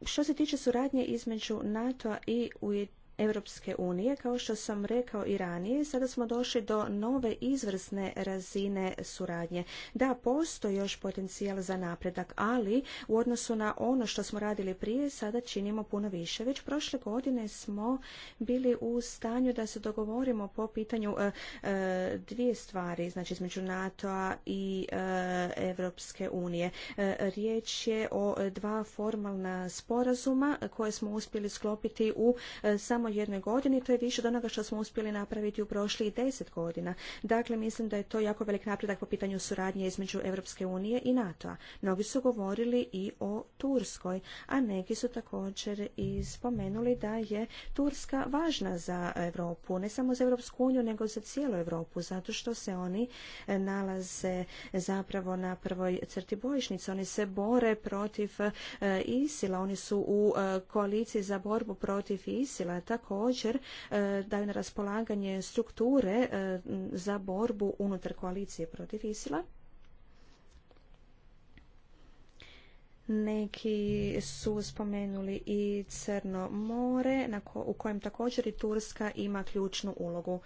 Što se tiče suradnje između NATO i U Europske unije, kao što sam rekao i ranije, sada smo došli do nove izvrsne razine suradnje. Da, postoji još potencijal za napredak, ali u odnosu na ono što smo radili prije, sada činimo puno više. Već prošle godine smo bili u stanju da se dogovorimo po pitanju e, e, dvije stvari, znači između NATO-a i e, Europske unije. E, riječ je o dva formalna sporazuma koje smo uspjeli sklopiti u samo samo jednoj godini, to je više od onoga što smo uspjeli napraviti u prošlih deset godina. Dakle, mislim da je to jako velik napredak po pitanju suradnje između Europske unije i NATO-a. Mnogi su govorili i o Turskoj, a neki su također i spomenuli da je Turska važna za Europu, ne samo za Europsku uniju, nego za cijelu Europu, zato što se oni eh, nalaze zapravo na prvoj crti bojišnice. Oni se bore protiv eh, Isila, oni su u eh, koaliciji za borbu protiv ISIL-a također e, daju na raspolaganje strukture e, za borbu unutar koalicije protiv Isila. Neki su spomenuli i Crno more u kojem također i Turska ima ključnu ulogu.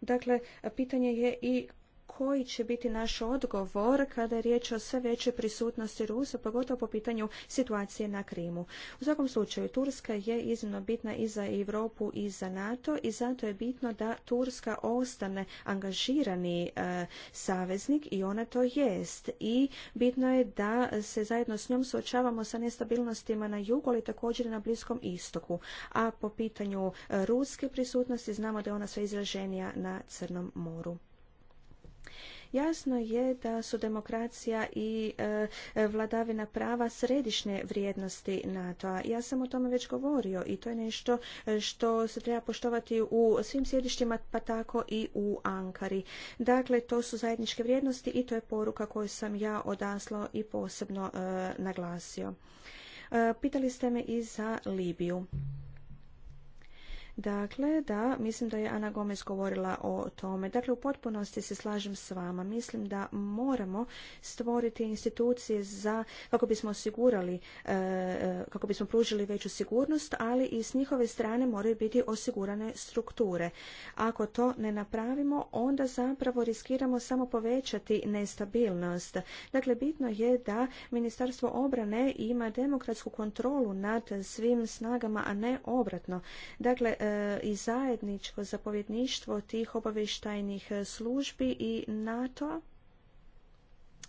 Dakle, pitanje je i koji će biti naš odgovor kada je riječ o sve većoj prisutnosti Rusa, pogotovo po pitanju situacije na Krimu. U svakom slučaju, Turska je iznimno bitna i za Europu i za NATO i zato je bitno da Turska ostane angažirani e, saveznik i ona to jest. I bitno je da se zajedno s njom suočavamo sa nestabilnostima na jugu, ali također i na Bliskom istoku. A po pitanju e, ruske prisutnosti znamo da je ona sve izraženija na Crnom moru. Jasno je da su demokracija i e, vladavina prava središnje vrijednosti NATO-a. Ja sam o tome već govorio i to je nešto e, što se treba poštovati u svim sjedištima, pa tako i u Ankari. Dakle, to su zajedničke vrijednosti i to je poruka koju sam ja odaslo i posebno e, naglasio. pitali ste me i za Libiju. Dakle, da, mislim da je Ana Gomez govorila o tome. Dakle, u potpunosti se slažem s vama. Mislim da moramo stvoriti institucije za, kako bismo osigurali, e, e, kako bismo pružili veću sigurnost, ali i s njihove strane moraju biti osigurane strukture. Ako to ne napravimo, onda zapravo riskiramo samo povećati nestabilnost. Dakle, bitno je da Ministarstvo obrane ima demokratsku kontrolu nad svim snagama, a ne obratno. Dakle, E, i zajedničko zapovjedništvo tih obavještajnih službi i nato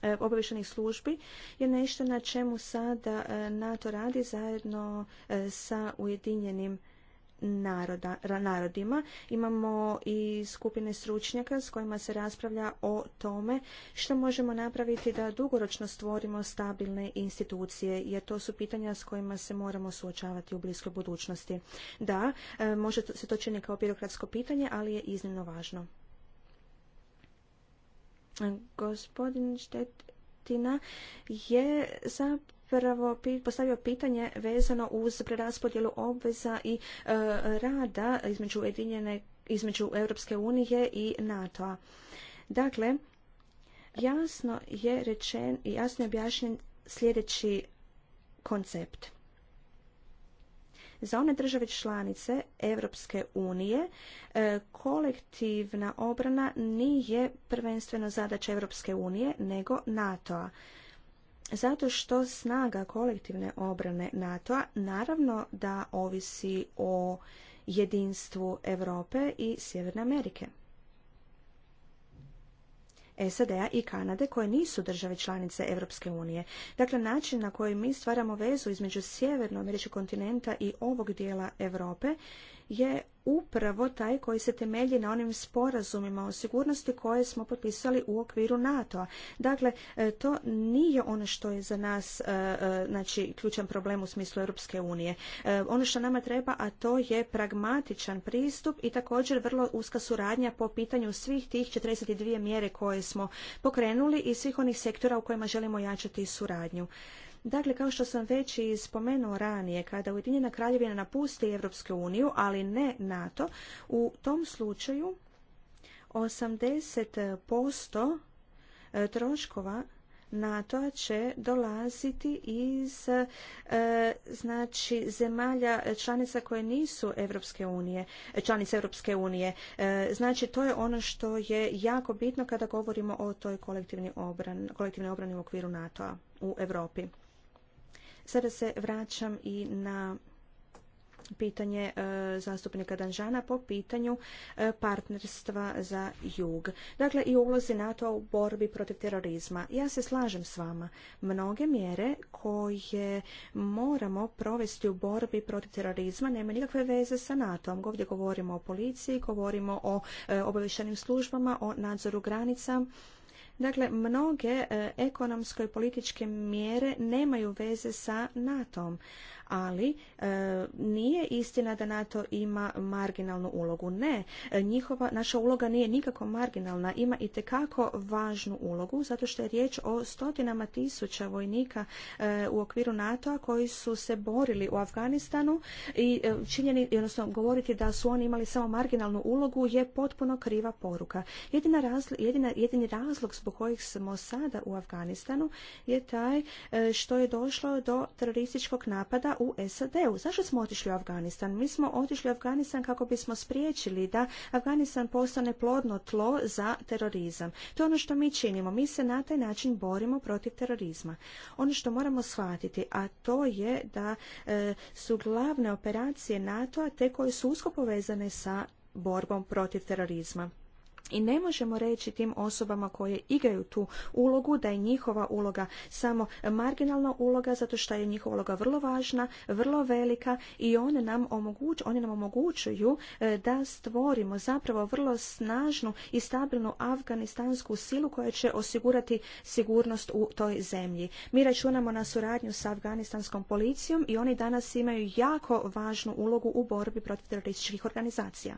e, obavještajnih službi je nešto na čemu sada e, NATO radi zajedno sa Ujedinjenim naroda, narodima. Imamo i skupine stručnjaka s kojima se raspravlja o tome što možemo napraviti da dugoročno stvorimo stabilne institucije, jer to su pitanja s kojima se moramo suočavati u bliskoj budućnosti. Da, e, može se to čini kao birokratsko pitanje, ali je iznimno važno. E, gospodin Štetina je zapravo zapravo postavio pitanje vezano uz preraspodjelu obveza i e, rada između Ujedinjene između Europske unije i NATO-a. Dakle, jasno je rečen i jasno je objašnjen sljedeći koncept. Za one države članice Europske unije e, kolektivna obrana nije prvenstveno zadaća Europske unije nego NATO-a. Zato što snaga kolektivne obrane NATO-a naravno da ovisi o jedinstvu Europe i Sjeverne Amerike. SAD-a i Kanade koje nisu države članice Europske unije. Dakle, način na koji mi stvaramo vezu između sjevernoameričkog kontinenta i ovog dijela Europe je upravo taj koji se temelji na onim sporazumima o sigurnosti koje smo potpisali u okviru NATO-a. Dakle, e, to nije ono što je za nas e, e, znači, ključan problem u smislu Europske unije. Ono što nama treba, a to je pragmatičan pristup i također vrlo uska suradnja po pitanju svih tih 42 mjere koje smo pokrenuli i svih onih sektora u kojima želimo jačati suradnju. Dakle, kao što sam već i spomenuo ranije, kada Ujedinjena kraljevina napusti Europsku uniju, ali ne NATO, u tom slučaju 80% e, troškova nato će dolaziti iz e, znači zemalja članica koje nisu Europske unije, članice Europske unije. E, znači to je ono što je jako bitno kada govorimo o toj kolektivnoj obrani, kolektivnoj obrani u okviru NATO-a u Europi. Sada se vraćam i na pitanje e, zastupnika Danžana po pitanju e, partnerstva za jug. Dakle, i ulozi NATO u borbi protiv terorizma. Ja se slažem s vama. Mnoge mjere koje moramo provesti u borbi protiv terorizma nema nikakve veze sa NATO-om. Ovdje govorimo o policiji, govorimo o e, obavještenim službama, o nadzoru granica Dakle, mnoge e, ekonomsko i političke mjere nemaju veze sa NATO-om, ali e, nije istina da NATO ima marginalnu ulogu. Ne, e, njihova, naša uloga nije nikako marginalna, ima i tekako važnu ulogu, zato što je riječ o stotinama tisuća vojnika e, u okviru NATO-a koji su se borili u Afganistanu i e, činjeni, odnosno govoriti da su oni imali samo marginalnu ulogu je potpuno kriva poruka. Jedina razlog, jedina, jedini razlog zbog kojih smo sada u Afganistanu je taj što je došlo do terorističkog napada u SAD-u. Zašto smo otišli u Afganistan? Mi smo otišli u Afganistan kako bismo spriječili da Afganistan postane plodno tlo za terorizam. To je ono što mi činimo. Mi se na taj način borimo protiv terorizma. Ono što moramo shvatiti, a to je da e, su glavne operacije NATO-a te koje su usko povezane sa borbom protiv terorizma i ne možemo reći tim osobama koje igraju tu ulogu da je njihova uloga samo marginalna uloga zato što je njihova uloga vrlo važna, vrlo velika i one nam, omoguć, one nam omogućuju e, da stvorimo zapravo vrlo snažnu i stabilnu afganistansku silu koja će osigurati sigurnost u toj zemlji. Mi računamo na suradnju sa afganistanskom policijom i oni danas imaju jako važnu ulogu u borbi protiv terorističkih organizacija.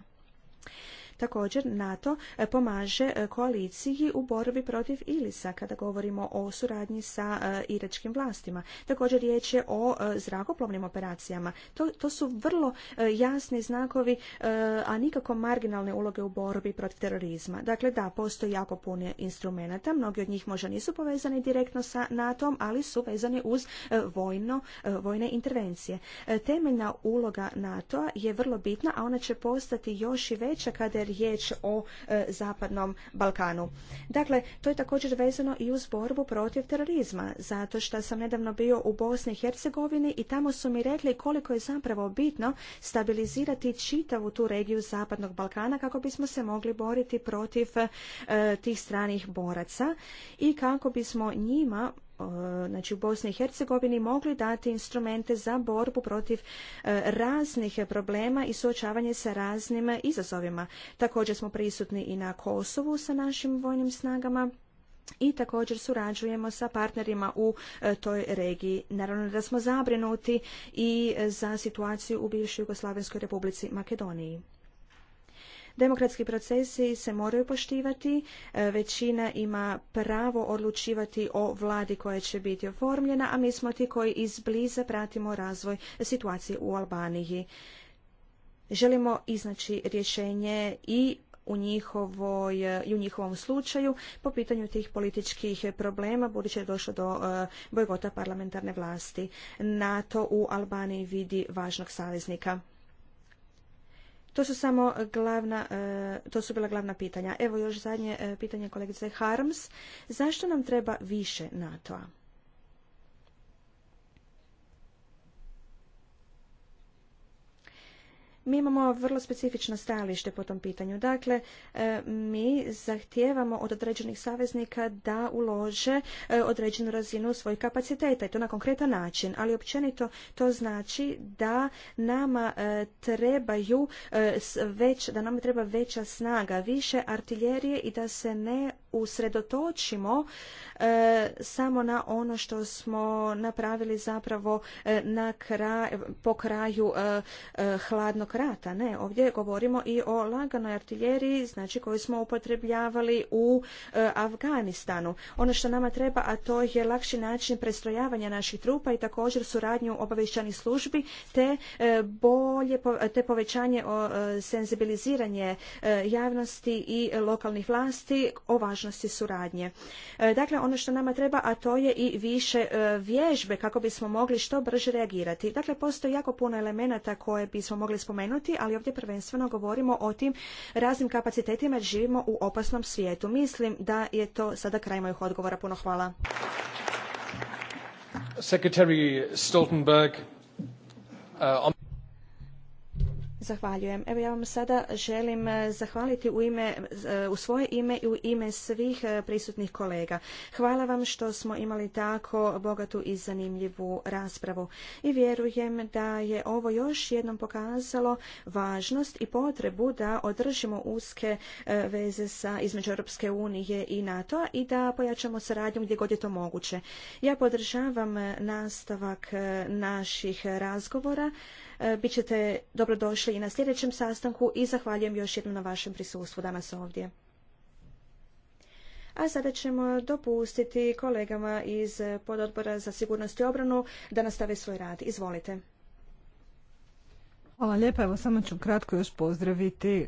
Također NATO e, pomaže e, koaliciji u borbi protiv Ilisa kada govorimo o suradnji sa e, iračkim vlastima. Također riječ je o zrakoplovnim operacijama. To, to su vrlo jasni znakovi, a nikako marginalne uloge u borbi protiv terorizma. Dakle, da, postoji jako puno instrumenata, mnogi od njih možda nisu povezani direktno sa nato ali su vezani uz vojno, vojne intervencije. Temeljna uloga NATO-a je vrlo bitna, a ona će postati još i veća kada je riječ o e, Zapadnom Balkanu. Dakle, to je također vezano i uz borbu protiv terorizma, zato što sam nedavno bio u Bosni i Hercegovini i tamo su mi rekli koliko je zapravo bitno stabilizirati čitavu tu regiju Zapadnog Balkana kako bismo se mogli boriti protiv e, tih stranih boraca i kako bismo njima Eh, znači u Bosni i Hercegovini mogli dati instrumente za borbu protiv eh, raznih problema i suočavanje sa raznim izazovima. Također smo prisutni i na Kosovu sa našim vojnim snagama i također surađujemo sa partnerima u eh, toj regiji. Naravno da smo zabrinuti i za situaciju u bivšoj Jugoslavenskoj republici Makedoniji. Demokratski procesi se moraju poštivati, e, većina ima pravo odlučivati o vladi koja će biti oformljena, a mi smo ti koji izbliza pratimo razvoj situacije u Albaniji. Želimo iznaći rješenje i u, njihovoj, u njihovom slučaju po pitanju tih političkih problema budući je došlo do e, bojgota parlamentarne vlasti. NATO u Albaniji vidi važnog saveznika. To su samo glavna, e, to su bila glavna pitanja. Evo još zadnje e, pitanje kolegice Harms. Zašto nam treba više NATO-a? Mi imamo vrlo specifično stajalište po tom pitanju. Dakle, e, mi zahtijevamo od određenih saveznika da ulože e, određenu razinu svojih kapaciteta i to na konkretan način. Ali općenito to znači da nama e, trebaju već, da nama treba veća snaga, više artiljerije i da se ne usredotočimo e, samo na ono što smo napravili zapravo e, na kraj, po kraju e, hladnog rata. Ne, ovdje govorimo i o laganoj artiljeriji, znači koju smo upotrebljavali u Afganistanu. Ono što nama treba, a to je lakši način prestrojavanja naših trupa i također suradnju obavještajnih službi te bolje te povećanje senzibiliziranje javnosti i lokalnih vlasti o važnosti mogućnosti suradnje. E, dakle, ono što nama treba, a to je i više e, vježbe kako bismo mogli što brže reagirati. Dakle, postoji jako puno elemenata koje bismo mogli spomenuti, ali ovdje prvenstveno govorimo o tim raznim kapacitetima jer živimo u opasnom svijetu. Mislim da je to sada kraj mojih odgovora. Puno hvala. Secretary Stoltenberg, uh, Zahvaljujem. Evo ja vam sada želim e, zahvaliti u, ime, e, u svoje ime i u ime svih e, prisutnih kolega. Hvala vam što smo imali tako bogatu i zanimljivu raspravu. I vjerujem da je ovo još jednom pokazalo važnost i potrebu da održimo uske veze sa između Europske unije i NATO i da pojačamo saradnju gdje god je to moguće. Ja podržavam nastavak naših razgovora E, bit ćete dobrodošli i na sljedećem sastanku i zahvaljujem još jednom na vašem prisustvu danas ovdje. A sada ćemo dopustiti kolegama iz pododbora za sigurnost i obranu da nastave svoj rad. Izvolite. Hvala lijepa. Evo samo ću kratko još pozdraviti